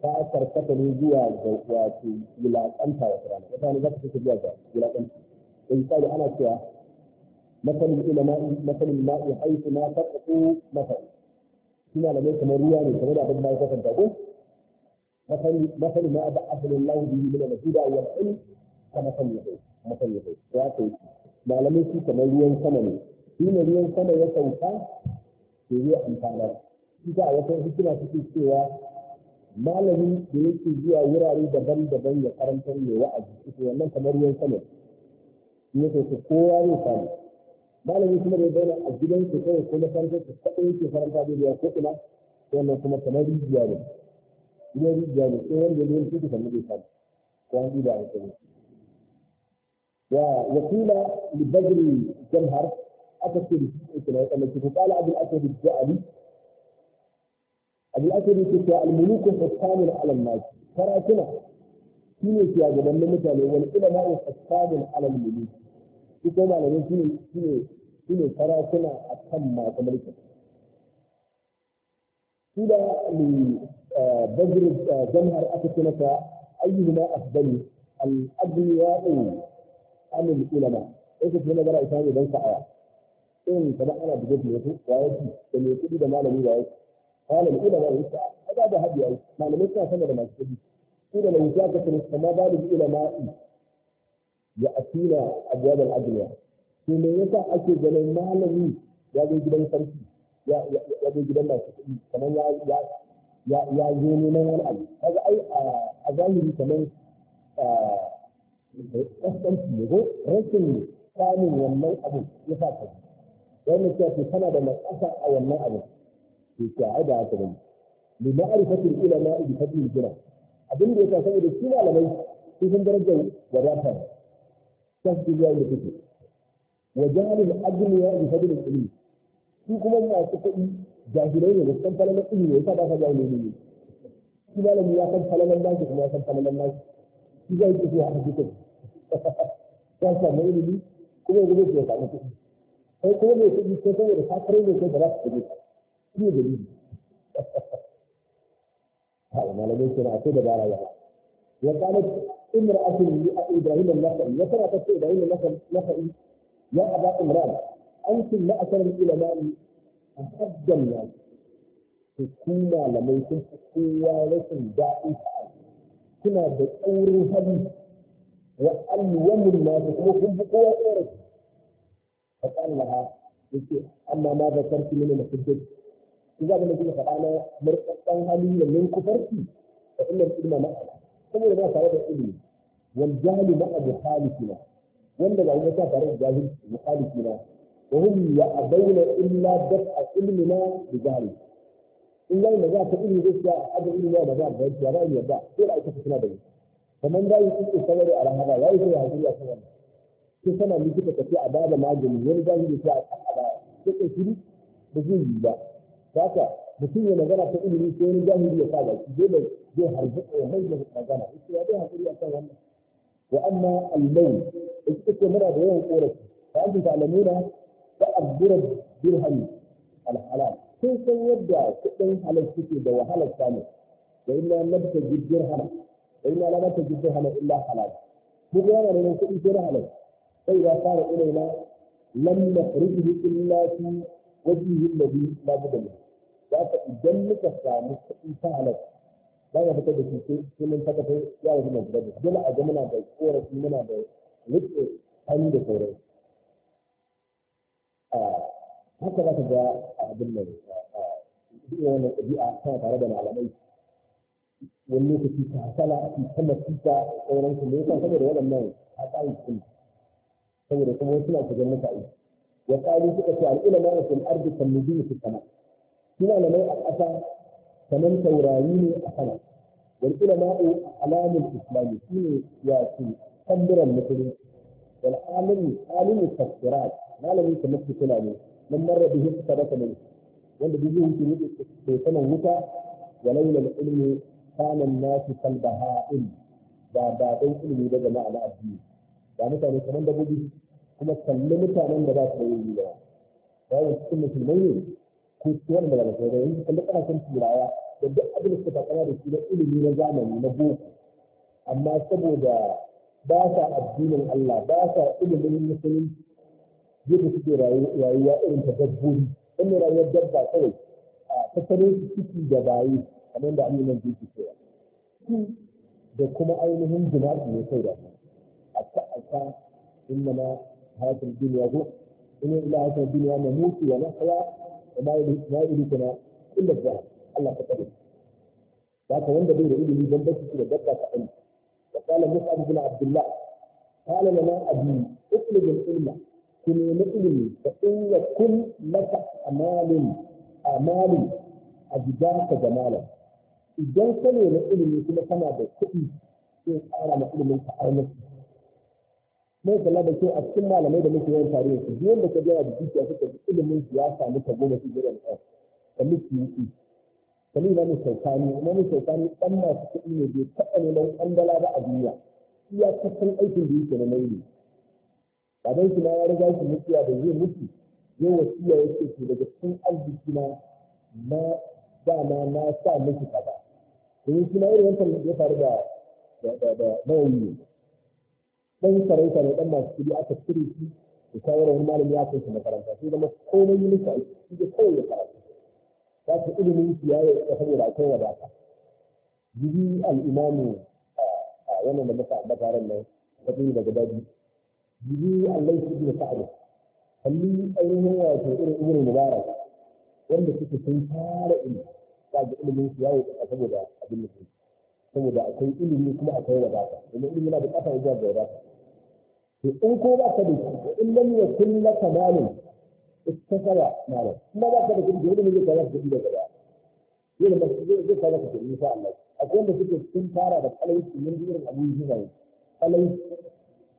ta karkata ne zuwa ga wato wulaƙanta wata rana wata rana za ta kasa zuwa ga wulaƙanta in ana cewa مثل العلماء مثل الماء حيث ما تقفوا مثل هنا لم يكن الرياء من سبب عبد ما يكفن تقول مثل مثل ما أبعث الله به من المسجد أو العلم كمثل يقول مثل يقول وعطي ما لم يكن كمريا ثمني في مريا ثمن يسوف في رياء أمثالا إذا أوصل هكذا في السيوة malamin da yake zuwa wurare daban-daban ya karantar mai wa'azi ita wannan kamar ruwan sama ne ko kowa zai samu malami kuma da zauna a gidan su kawai ko makarantar su kaɗai yake faranta da biya ko ina wannan kuma kamar rijiya ne gidan rijiya ne sai wanda ne su kusa muke samu ko an ɗiba a kuma wa wakila libadri jamhar aka ce da shi ke nan kamar kifu kala abin aka da ja'ali abin aka da ke cewa almuluku fasamun alal sarakuna shi ne ke a gaban mutane wani ilama wa fasamun alal su ko malamai su ne su ne su ne sarakuna a kan masu mulki su da ne eh, bazir eh, jamhar aka ce masa ayyuhuma afdalu al-adliya'u am al-ulama yake ce magana isa ne dan sa'a in kana ana da gudu wato waye ki da me kudi da malami waye ne sa'a kaga da hadiya sama da masu kudi su da lauta ka kama babu ya asila abwaban adliya to me yasa ake ganin malami ya zo gidan sarki ya zo gidan masu kuɗi kamar ya ya ya ya zo neman wani abu kaga ai a zahiri kamar kasance ne ko rashin samun wannan abu ya sa ka wannan cewa ce tana da nakasa a wannan abu to ta aida haka ne li ma'rifatil ulama bi fadlil jira abin da yasa saboda shi malamai sun darajar wadata su ya yi kake wa jahilul ajli ya bi fadlil ilmi su kuma masu kuɗi jahilai ne da san falalan ilmi ne ta ba ka jahilai ne shi malami ya san falalan naki kuma ya san falalan nashi shi zai tafi a hakikin ya samu ilimi kuma yanzu zai samu kuɗi sai kuma mai kuɗi sai saboda ka kare ne kai ba za ka kuɗi shi ne dalili malamai suna ce dabara yawa ya kama امرأة لإبراهيم النخعي وكما تقول إبراهيم النخعي يا أبا عمران أنتم ما أكثر العلماء أحد الناس hukuma da mai sun kowa rashin kuna da tsaurin hali wa alwamin nasu kuma kun fi kowa tsoro a tsarin laha ce amma ma da karfi ne na kudin ku zaɓi da kuma faɗa na hali da min kufarki da illar ba tare da ilimi wal jahilu ma abu halikina wanda ba sa tare da jahil abu halikina wa hum ya abauna illa dafa ilmina bi jahil in zai da za ta ilmi gaskiya a ajin ilmi da za a bayar ya ra'ayi yadda sai da aikata suna da yi kamar da yi kuke sanar da alhaba ya yi sai hakuri a kan sai sana ni kika tafi a bada magani wani jahili sai a kada sai kai shiru ba zai yi mutum ya magana ta ilimi sai wani jahili ya sa baki dole zai a ya hanyar magana ita ya dai hakuri a kan wannan wa amma allai da suka ce muna da yawan korafi fa antum ta'lamuna fa abdura dirham al-halal sun san yadda kuɗin halal suke da wahalar samu wa illa lam tajid dirham illa lam tajid dirham illa halal mu ga yana da kuɗi sai halal sai ya fara ilaina lam nakhrijuhu illa fi wajhihi alladhi la budda da idan muka samu kuɗi ta halal za mu fitar da shi ko mun saka sai ya wasu mai gidan dole a ga muna da korafi muna da rike hannu da sauran haka za ka ga abin nan duk wannan ɗabi'a tana tare da malamai wani lokaci ta hasala a cikin mafita sauransu ne kan saboda waɗannan a tsarin cikin saboda kuma wasu na shigar masa aiki ya tsari suka ce al'ilma na sun arzikin mutum su sama suna da mai a ƙasa kamar taurari ne a sama wal ulama'u alamul islami shine wato kabbiran musulunci wal alimu alamun tafsirat malamin kamar fitila ne da marra bihi sadaka min wanda duk yake ne bai sanan wuta walaula ilmi kana nasu kalbaha'il da ba dan ilimi ba jama'a na addini da mutane kamar dabbobi kuma kalli mutanen da ba su da yin ba. Ba cikin musulmai ne ko wani daga masu da yanzu kalli son turawa da duk abin da suka takama da shi na ilimi na zamani na boko amma saboda ba sa addinin Allah ba sa ilimin musulunci yadda suke rayuwa irin ta dabbobi wannan rayuwar dabba kawai a tattalin su ciki da baye kamar da aminan jiki cewa da kuma ainihin jima'i ne kai da a ta a ta inna ma hayatul dunya go inna ila hayatul dunya mamutu wa nahya وما يدركنا إلا الذهب الله تقدم ذاك وين بدين يقول لي بنت في بدك فعل وقال مصعب بن عبد الله قال لنا أبي اطلب العلم كن مؤمن فإن كن لك أمال أمال أجداك جمالا إذا كان يقول لي كما كان بكتب sai ƙara ma ilimin ka arnaki mun da kyau a cikin malamai da muke yawan tare su biyan da ka ga da dukiya suka ilimin su ya samu ta goma su jiran su yi kalli na mu sautani na mu sautani dan masu kuɗi ne bai taɓa neman ƙandala ba a duniya iya kasan aikin da yake na maili baban shi ma ya riga shi mutuwa da zai mutu zai wasiya ya ce daga cikin arziki na na dama na sa miki kaza domin shi ma irin wancan ya faru da da da ne ɗan sarauta ne ɗan masu kuɗi aka cire shi da shawara wani malami ya kai shi makaranta sai zama komai yi musu aiki shi da kawai ya karatu za ce ilimin shi ya yi saboda akwai wadata jibi al'imamu a wannan da muka ambata ran nan ta ɗin daga daji jibi allai su ne sa'adu kalli ainihin wato irin irin mubarak wanda suke sun fara ilimi za ga ilimin shi ya yi saboda abin da saboda akwai ilimi kuma akwai wadata domin ilimi na bukata ya zuwa ga wadata in ko ba ka da shi in lam yakun laka malun istasara malam kuma ba ka da kuɗi wani ne zai kawo kuɗi daga baya zai shi? zai kawo ka kuɗi insha Allah akwai wanda suke sun fara da kalaici mun ji irin abin shi ne kalaici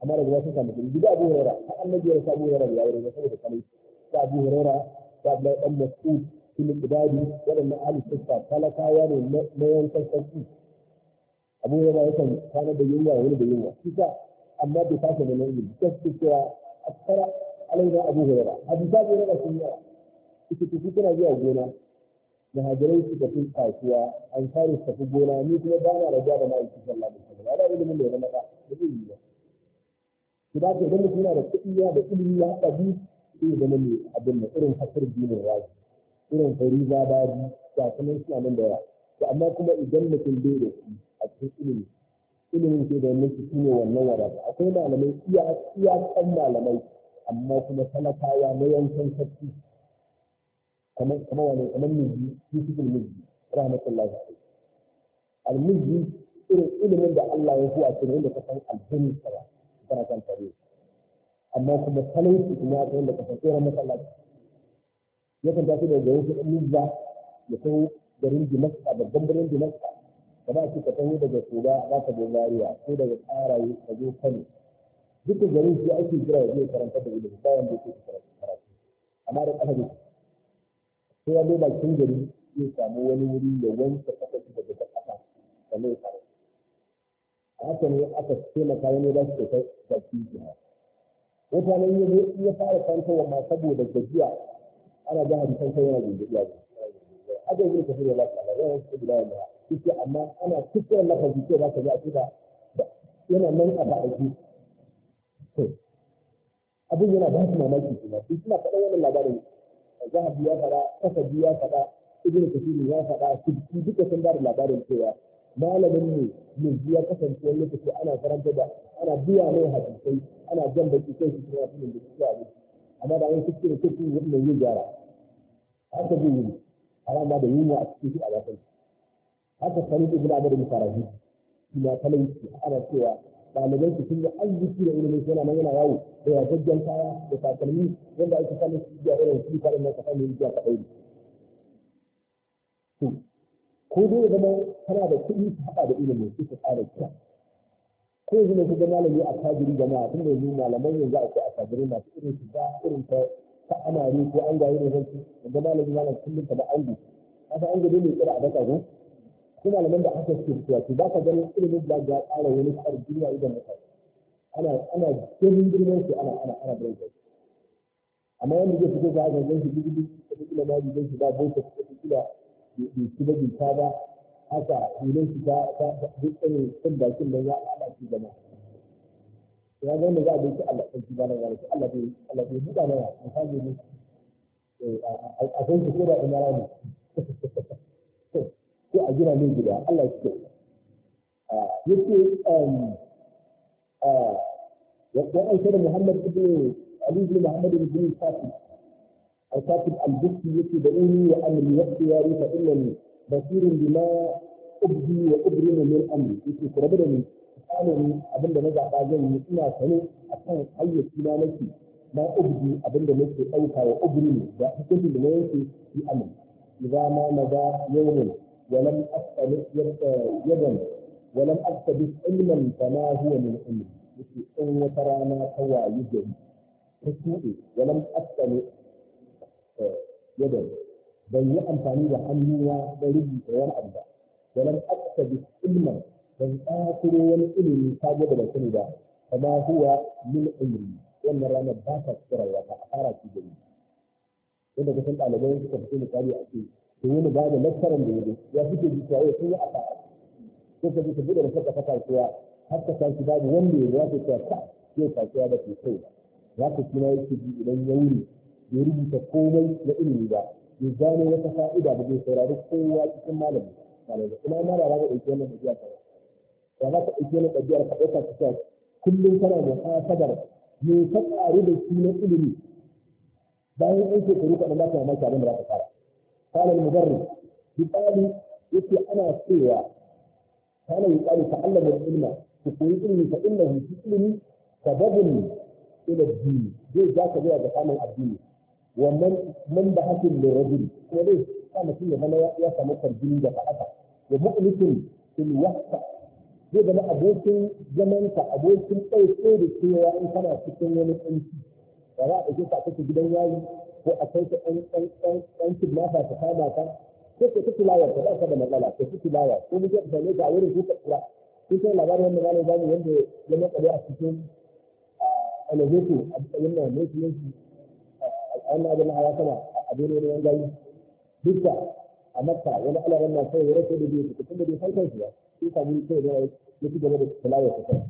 amma daga wasu samu mutum? gida Abu Hurairah har annabi ya sa Abu Hurairah ya yi saboda kalaici sa Abu Hurairah sa Abdullahi dan Mas'ud sun ibadi wadannan ahli sassa talakawa ne na yankan sarki Abu Hurairah yakan kwana da yunwa wani da yunwa shi amma bai fasa da nan yin ta ce cewa a tsara alaina abu hurera a bisa gona da sun yawa suke tafi kuna zuwa gona muhajirai su tafi kasuwa an kare su tafi gona ni kuma ba na rabuwa da ma'aikin sallah da sallah ana ilimin da ya zama ba da zai yi ba su da ka zama suna da kuɗi ya da ilimi ya haɗa biyu sai zama mai abin da irin hasar ne rayu irin fari ba ba ta kuma suna nan da yawa amma kuma idan mutum bai da su a cikin ilimi ilimin ke da mulki shine wannan wadata akwai malamai iya iyakan malamai amma kuma talakawa na yankin sarki kamar kuma wani kamar miji yusufin miji rahmatullahi alaihi almiji irin ilimin da Allah ya zuwa cikin inda ka san aljinnin sa ba kana kan tare amma kuma talauci kuma ta inda ka san tsoron masallaci ya kan tafi da garin su mizza ya kai garin dimasa babban garin dimasa ba za ka taho daga koda za ka zo Zaria ko daga Karaye ka zo Kano da garin shi ake jira ya je karanta da ilimi ba wanda karanta. karatu amma da kafa sai ya zo bakin gari zai samu wani wuri ya wanke kafa daga kafa sannan ya karatu haka ne aka taimaka wani ba su kai bakin jiha wata nan ya ya fara kantowa ma saboda gajiya ana ga hadisan kai yana gunduɗiya ne haka zai tafi da lafiya ba zai wasu gudanar da yake amma ana cikin lafazi ce za ka ji a cika yana nan a ba ba'aji abin yana ba su mamaki kuma su suna faɗa wannan labarin zahabi ya faɗa kasabi ya faɗa ibn kasiri ya faɗa su duka sun ba da labarin cewa malamin ne yanzu ya kasance wani lokaci ana karanta da ana biya mai hadisai ana jan baki kai su kuma a da suke abin amma da an kuskure kuskure wannan zai gyara haka zai yi a ran da yunwa a cikin shi a haka sani ibn abd al-farahi ina talauci ana cewa ɗaliban su sun yi arziki da ilimin yana nan yana yawo da yajajjen kaya da takalmi wanda ake samun su biya irin su kaɗan na kaɗan ne jiya kaɗai ne. To, ko dai ya zama kana da kuɗi su haɗa da ilimin su su tsara kira. Ko yanzu ne ku ga malami a tajiri jama'a tun da yanzu malaman yanzu akwai a tajiri masu irin su ba irin ta ta amare ko an gaya ne zan ci. Yanzu malami malam kullum ka da ango. Kasa ango dai mai tsira a daga zuwa ko malaman da aka ce cewa to ba ka ganin ilimin da ya ƙara wani ƙarfi duniya idan mutane ana ana ganin girman su ana ana ana bai da amma yanda zai fito ga aka gan shi dubu da kila ma bi gan shi ba boko da kila bi kila bi ta ba haka ilin shi ta ta kan bakin da ya ala shi gama ya ga wanda za a bai Allah shi ba na gari Allah bai Allah bai buɗa a shi ko da ina sai a gina mai gida Allah shi yake wa an shara Muhammad ibn Ali ibn Muhammad ibn Safi al-Safi al-Bukhari yake da ini wa amri wa khiyari fa innani basirun bima ubdi wa ubrimu min amri yake ku rabu da ni tsanin abin da na zaɓa zan yi ina sane a kan hayyaci na nake na ubdi abin da nake ɗauka wa ubrimu da hukuncin da na yanke yi amri idan ma na ba yau ne ولم اسال يدا ولم اكتبت علما فما هو من علم مثل ان وترانا توايدهم كسوء ولم اسال يدا بل يأمتني وحنيها بريد ويرعى الله ولم أكتبت علما بل آخر والإلم كابد وسندا فما هو من علم وأن رانا باتت كرة وتأخرت في جميع وإذا كنت على ذلك كنت أقول لك su yi ba da lakkaran da yake ya fito jita ya eh, sun yi a sa'a ko ka ji ka buɗe da saka ta kasuwa har ka tashi babu wanda ya zaka ta ka sai kasuwa da ke kai ba za ka kuma yake ji idan ya wuri ya rubuta komai na ilimi ba ya gano wata fa'ida da zai saurari kowa cikin malami malami kuma mara ba da ɗauki wannan ɗabi'a ta ba za ka ɗauki wannan ɗabi'ar ka ɗauka ka ta kullum kana da hasadar me ka ƙaru da shi na ilimi bayan ɗan shekaru kaɗan za ka mamaki abin da za ka fara قال المدرس بقالي يكي أنا سوى كان يقال تعلم العلم تقول إني فإنه تسلمي سبب إلى الدين زي جاك بها بقام الدين ومن من بحث لرجل وليه كان فيه هنا يسمك الدين بحثه ومؤنس في الوقت zai zama أبوك zamanka كأبوك أي da cewa إن kana cikin wani أنت ba za a جدا ka ko a kai ka ɗan ɗan ɗan ɗan kidnapper ta kama ka ko ka ci lawar ka ba ka da matsala ka ci lawar ko mu ka same ka a wurin ko ka kun san labarin wanda zai zamu wanda ya matsale a cikin elevator a cikin wannan ne shi a wannan abin hawa sama a dole ne wanda duka a makka wani alaran na sai ya rasa da biyu kuma bai san kansu ba sai ka mun sai ya ci gaba da tilawar ta kai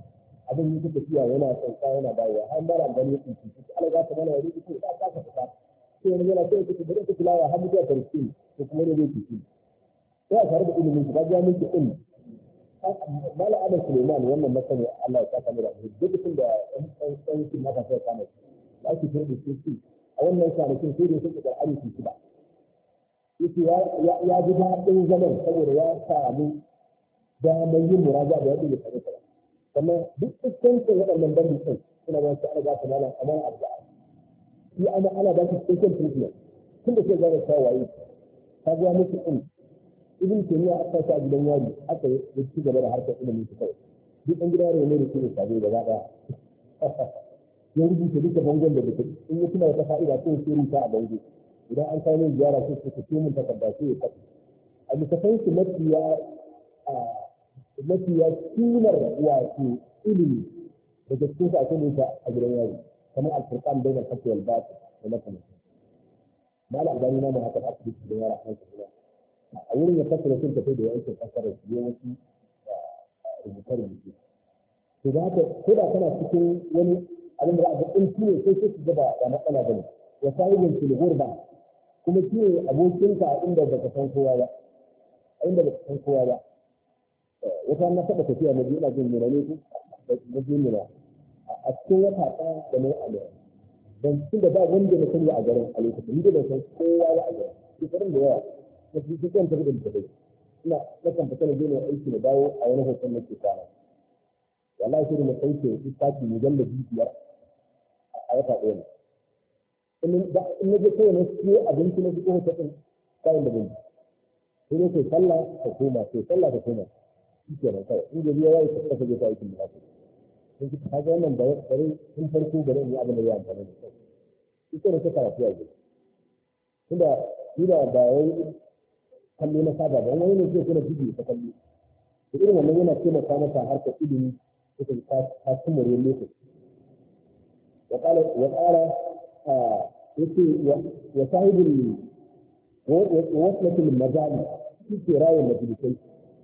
abin yi kuka yana sauka yana bayuwa an bara gani ya tsinci Allah ya ta mana ya rubuta ta ka ta sai wani yana sai a kace bari ya tilawa har mutuwa karshe ko kuma ne zai sai a tare da ilimin ka ga miki ilimi mala adam suleiman wannan masani Allah ya saka mura dukkan da ɗan ɗan shi maka sai kana shi ba ki da shi a wannan sanakin sai da suka ƙar'ani su ba yake ya ji daɗin zaman saboda ya samu damar yin muraja da yadda ya faru sannan duk fuskantar waɗannan bandin suna ba su ana gafa malam kamar abda'a shi ana ana ba shi special treatment tun da sai gane ta waye ta ga musu in ibn taymiya aka sa gidan yari aka yi ci gaba da harkar ilimin su kawai duk an gida yari ne da kuma sabai da gaba ya rubuta duka bangon da duka in ya tuna ta fa'ida ko sai rubuta a bango idan an kawo ziyara ko su ce mun takarda su ya kafa a littafin su mafiya mafiya kimar wato ilimi daga cikin su a kan a gidan yari kamar alfurqan bayna al-haqqi wal batil da makamantan mala albani na haka da aka da yara kan ba. a wurin ya kasance sun tafi da yankin kasar da yawanci rubutar ah, ah, rubutu to da haka ko da kana cikin wani abin za a ga ba matsala kuma ciwo abokinka a a inda eh, na tafiya a cikin wata ɗaya da mai alwala don cikin da ba wanda na sani a garin a lokacin ni da san kowa ba a garin farin da yawa na fi fi kan tafi da littafai ina na kan fita na je na aiki na dawo a wani hoton na ke kwana wala shi da na ɗauke wasu sati mu jalla biyar a wata ɗaya ne in na je kawai na siyo abinci na fito hoton kayan da bin sai dai sai sallah ka koma sai sallah ka koma shi kenan kawai in da biya ya yi ta kasa je ta aikin da ka sun ji ta wannan da bari sun farko gare ni abin da ya amfani da kai ita da ta karatu a gida tunda tunda ba wai kalli na saba ba wani ne zai kuma jibi ta kallo da irin wannan yana taimaka masa harkar ilimi ta ta kumare lokaci wa qala wa qala yace wa sahibul wa waslatul mazali shi ke rayu majalisai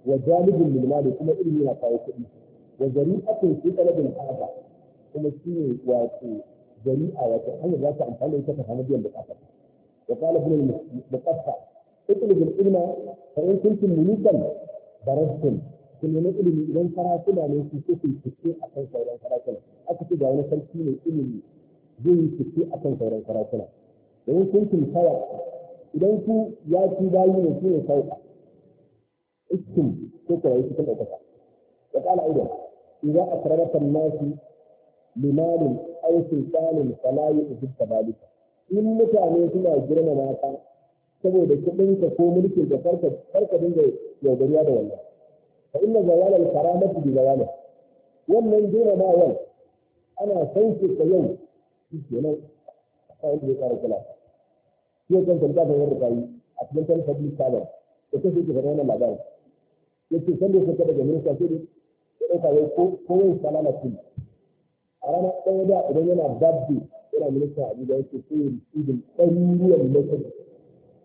wa jalibul lil kuma ilimi na kawo kuɗi wa zari'atun fi talabin haja kuma shine wato zari'a wato hanyar za ta amfani da ita ta samu biyan bukata wa qala ibn al-muqaffa itlib al-ilma fa in kuntum mulukan barastum kuma ne ilimi idan sarakuna ne su ce su fice a kan sauran sarakuna aka ce ga wani sarki ne ilimi zai yi fice a kan sauran da domin kuntum sawa idan ku ya ci bayi ne su ne sauka iskin ko kawai cikin ɗaukaka وقال أيضا إذا أكرمك الناس بمال أو سلطان فلا يؤذيك ذلك In mutane suna جرم ماتا saboda kuɗin ko mulkin ka farka farka dinga yaudariya da wannan fa inna zawala al karamati bi zawala wannan jira ma wal ana sauke ka yau kenan sai da kare kula yau kan kanta da yarda yi a cikin tan public service da kake da wannan labarin yace sanda ka daga minista sai ya wai ko yin salama ce a ranar ɗaya da idan yana dabbe yana minista abuja yake so ya rikidin ɗaruruwan mutum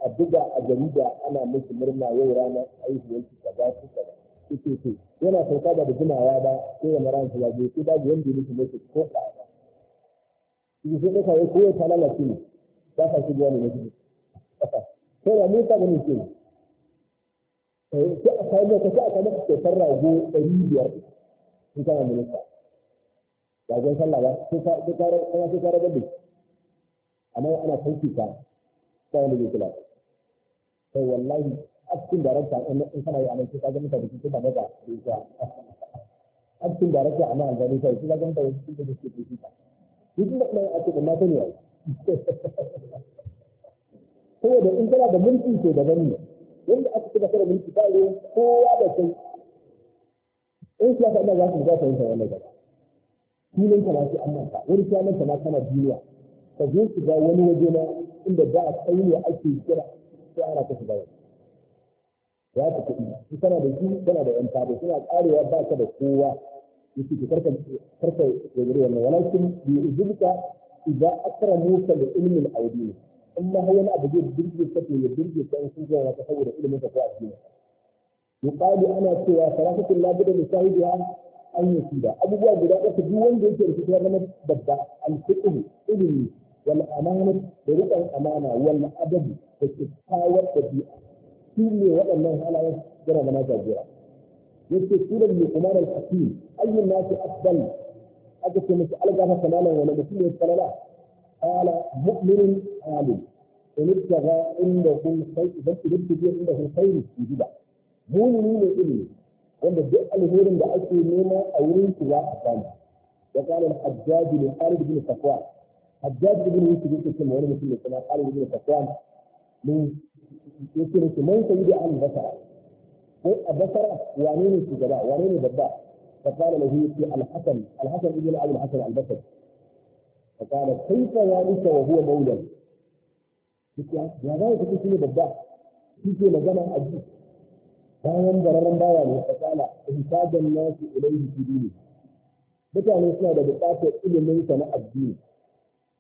a buga a jarida ana musu murna yau ranar aihuwar su kaza su kaza yake so yana sauka da jimawa ba sai ya mara su waje ko babu wanda ya musu mutum ko ɗaya ba sai ɗauka wai ko yin salama ce ba sa shigowa ne na jiki ko da mun ta ganin ce sai a kawo da a kawo da kyautar rago ɗari biyar in kana minista ragon sallah ba sai ka sai ka rabar da amma ana sauki ka ta wani kula sai wallahi a cikin darakta in kana yi a sai ka ga mutane sun ba daga ruwa a cikin darakta a nan alzani sai ka ga mutane sun sai daga ruwa da kuma a cikin mata ne saboda in kana da mulki ke da gani wanda aka ci nasarar mulki ba yi kowa da kai in siyasa ina za su za su yi sauran daga filin ta na shi an manta wani kwanan ta na kana duniya ka zo su ga wani waje na inda za a kai ne ake kira sai ana ka shiga wani ya ta kuɗi su tana da shi tana da yan tabo suna ƙarewa ba ka da kowa yake ki karka karka ya gari wannan walakin bi izbika idza akramuka li ilmi al-awdin in ma wani abu zai birge ka to ya birge ka in sun zuwa ta saboda ilimin ta ko addini yuqalu ana cewa salatul labida li sahibiha an yi sida abubuwa guda uku duk wanda yake rikici ya zama babba alfiqhu ilimi wal amana da riƙon amana wal adabi da da ɗabi'a shi ne waɗannan halayen yana zama jagora yake surar luqman al-hakim ayyun nasu afdal aka ce musu algafa kananan wani mutum ne kalala قال مؤمن عالم ان ابتغى عنده خير بس ابتغي عنده خير في مو جدا مؤمن من ابن عند جاء الهور عند اكل نيما او رنك لا اقام وقال الحجاج بن خالد بن صفوان حجاج بن يوسف بن سلمان بن سلمان خالد بن صفوان من يمكن من سيدي عن بصره بصره وعنين السجداء وعنين الضباط فقال له في الحسن الحسن ابن ابي الحسن البصري فقال كيف ذلك وهو مولى لماذا تكون كلمة بابا كيف مجمع أجيب كان ضررا بايا فقال احتاج الناس إليه في دينه بكى أن يسمع ده بقاطع إلى من سنة الدين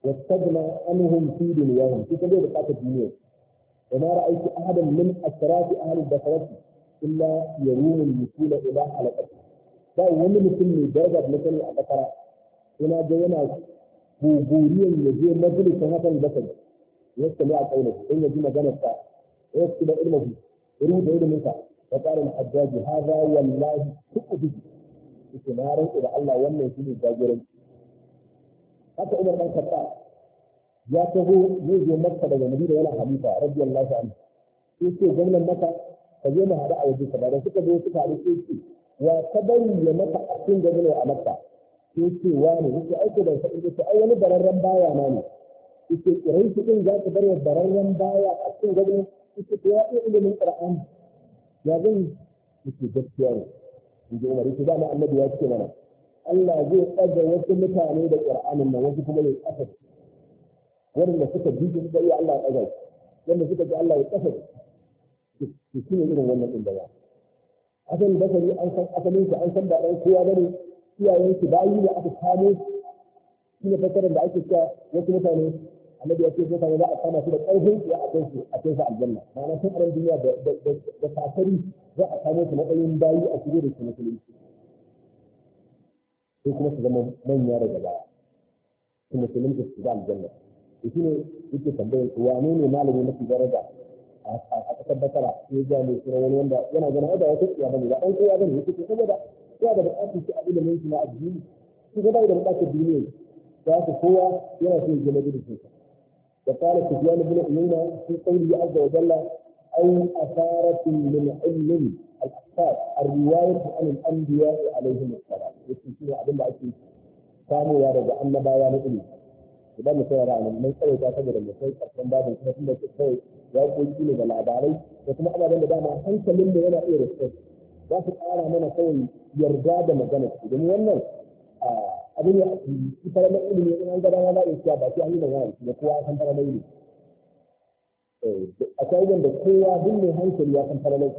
واستجمع أنهم في دنياهم كيف تقول بقاطع الدنيا وما رأيت أحدا من أسرات أهل البشرة إلا يروم المسؤول إلى حلقته فهو من مسلم يجرب مثل البقرة هنا جينا gogoriyan ya je majalisar hasan basari ya sami a kaina in ya ji maganarsa ya su da Irin da rubuta ilminsa ya fara na hajjaji haza wallahi kuku bi yake na rantsu da Allah wannan shi ne jagoranci haka Umar ɗan kafa ya taho zai je Makka daga da yana halifa radiyallahu anhu sai ce gwamnan Makka ka zo mu haɗu a waje ka ba da suka zo suka haɗu sai ce wa ka bari ya maka a cikin a Makka ko cewa ne yake aiki da sa'in yake ai wani bararren baya na ne yake irin su din za ka bar bararren baya a cikin gado yake ko ya iya ilimin qur'ani ya zan yake gaskiya ne inji umar yake dama annabi ya ce mana Allah zai tsaga wasu mutane da qur'anin nan wasu kuma ya tsaga wanda suka bi su sai Allah ya tsaga wanda suka ji Allah ya tsaga su ne irin wannan din da ya asalin basari an san asalin an san ba dan kowa bane iyayen su bayi da aka kamo shi ne fassarar da ake cewa wasu mutane annabi ya ce mutane za a kama su da ƙarfin ya a kansu a kansu aljanna ma'ana sun aran duniya da fasari za a samu su matsayin bayi a shigo da su musulunci sai kuma su zama manya daga baya su musulunci su shiga aljanna to shi ne yake tambayar su wane ne malami mafi daraja a kasar basara sai ya ja mai suna wani wanda yana ganin ada wata tsiya bane ba ɗan ya bane yake saboda yana da buƙatar shi a ilimin shi na addini shi ga bai da buƙatar duniya da haka kowa yana so ya zama gudu kansa da qala sufyan ibn uyayna fi qawli azza wa jalla aw asaratun min ilmin al-asar ar-riwayat an al-anbiya alaihim assalam yace shi abin da ake samuwa daga annabawa na ilimi idan mu saurara a mun kawai ta saboda mu sai karshen babin kuma tunda ke kawai ya koyi ne da labarai da kuma ababen da dama hankalin mu yana iya respect za su ƙara mana kawai yarda da magana su domin wannan abin ya a cikin faramar ilimi in an gaba na iya cewa ba sai an yi magana da kowa san faramar ilimi eh, a ka'idar da kowa duk mai hankali ya san faramar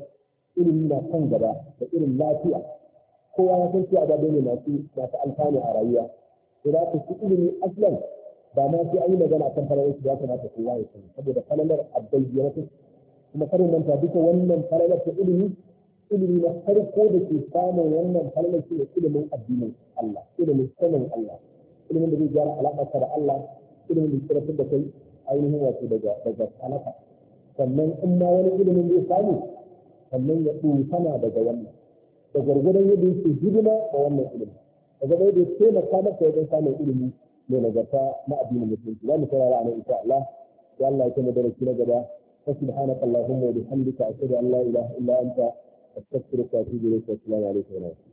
ilimi na kan gaba da irin lafiya kowa ya san cewa babu ne masu masu alfanu a rayuwa to za ku ci ilimi aslan ba ma sai an yi magana kan faramar su ya kamata kowa ya sani saboda faramar a bayyana kuma karin manta duka wannan faramar ta ilimi ilimi na farko da ke samun wannan falala shi ne ilimin addinin Allah ilimin sanin Allah ilimin da zai gyara alaƙa da Allah ilimin da tsira da kai ainihin wato daga daga alaƙa sannan in ma wani ilimin zai samu sannan ya tsufana daga wannan da gwargwadon yadda yake hidima da wannan ilimin da gwargwadon da ya taimaka masa wajen samun ilimi mai nagarta na addinin musulunci za mu saurara a nan insha Allah ya Allah ya kai mu darasi na gaba فسبحانك اللهم وبحمدك أشهد أن لا إله illa أنت अब तक सिर्फ काफी जुड़े फैसला रहा है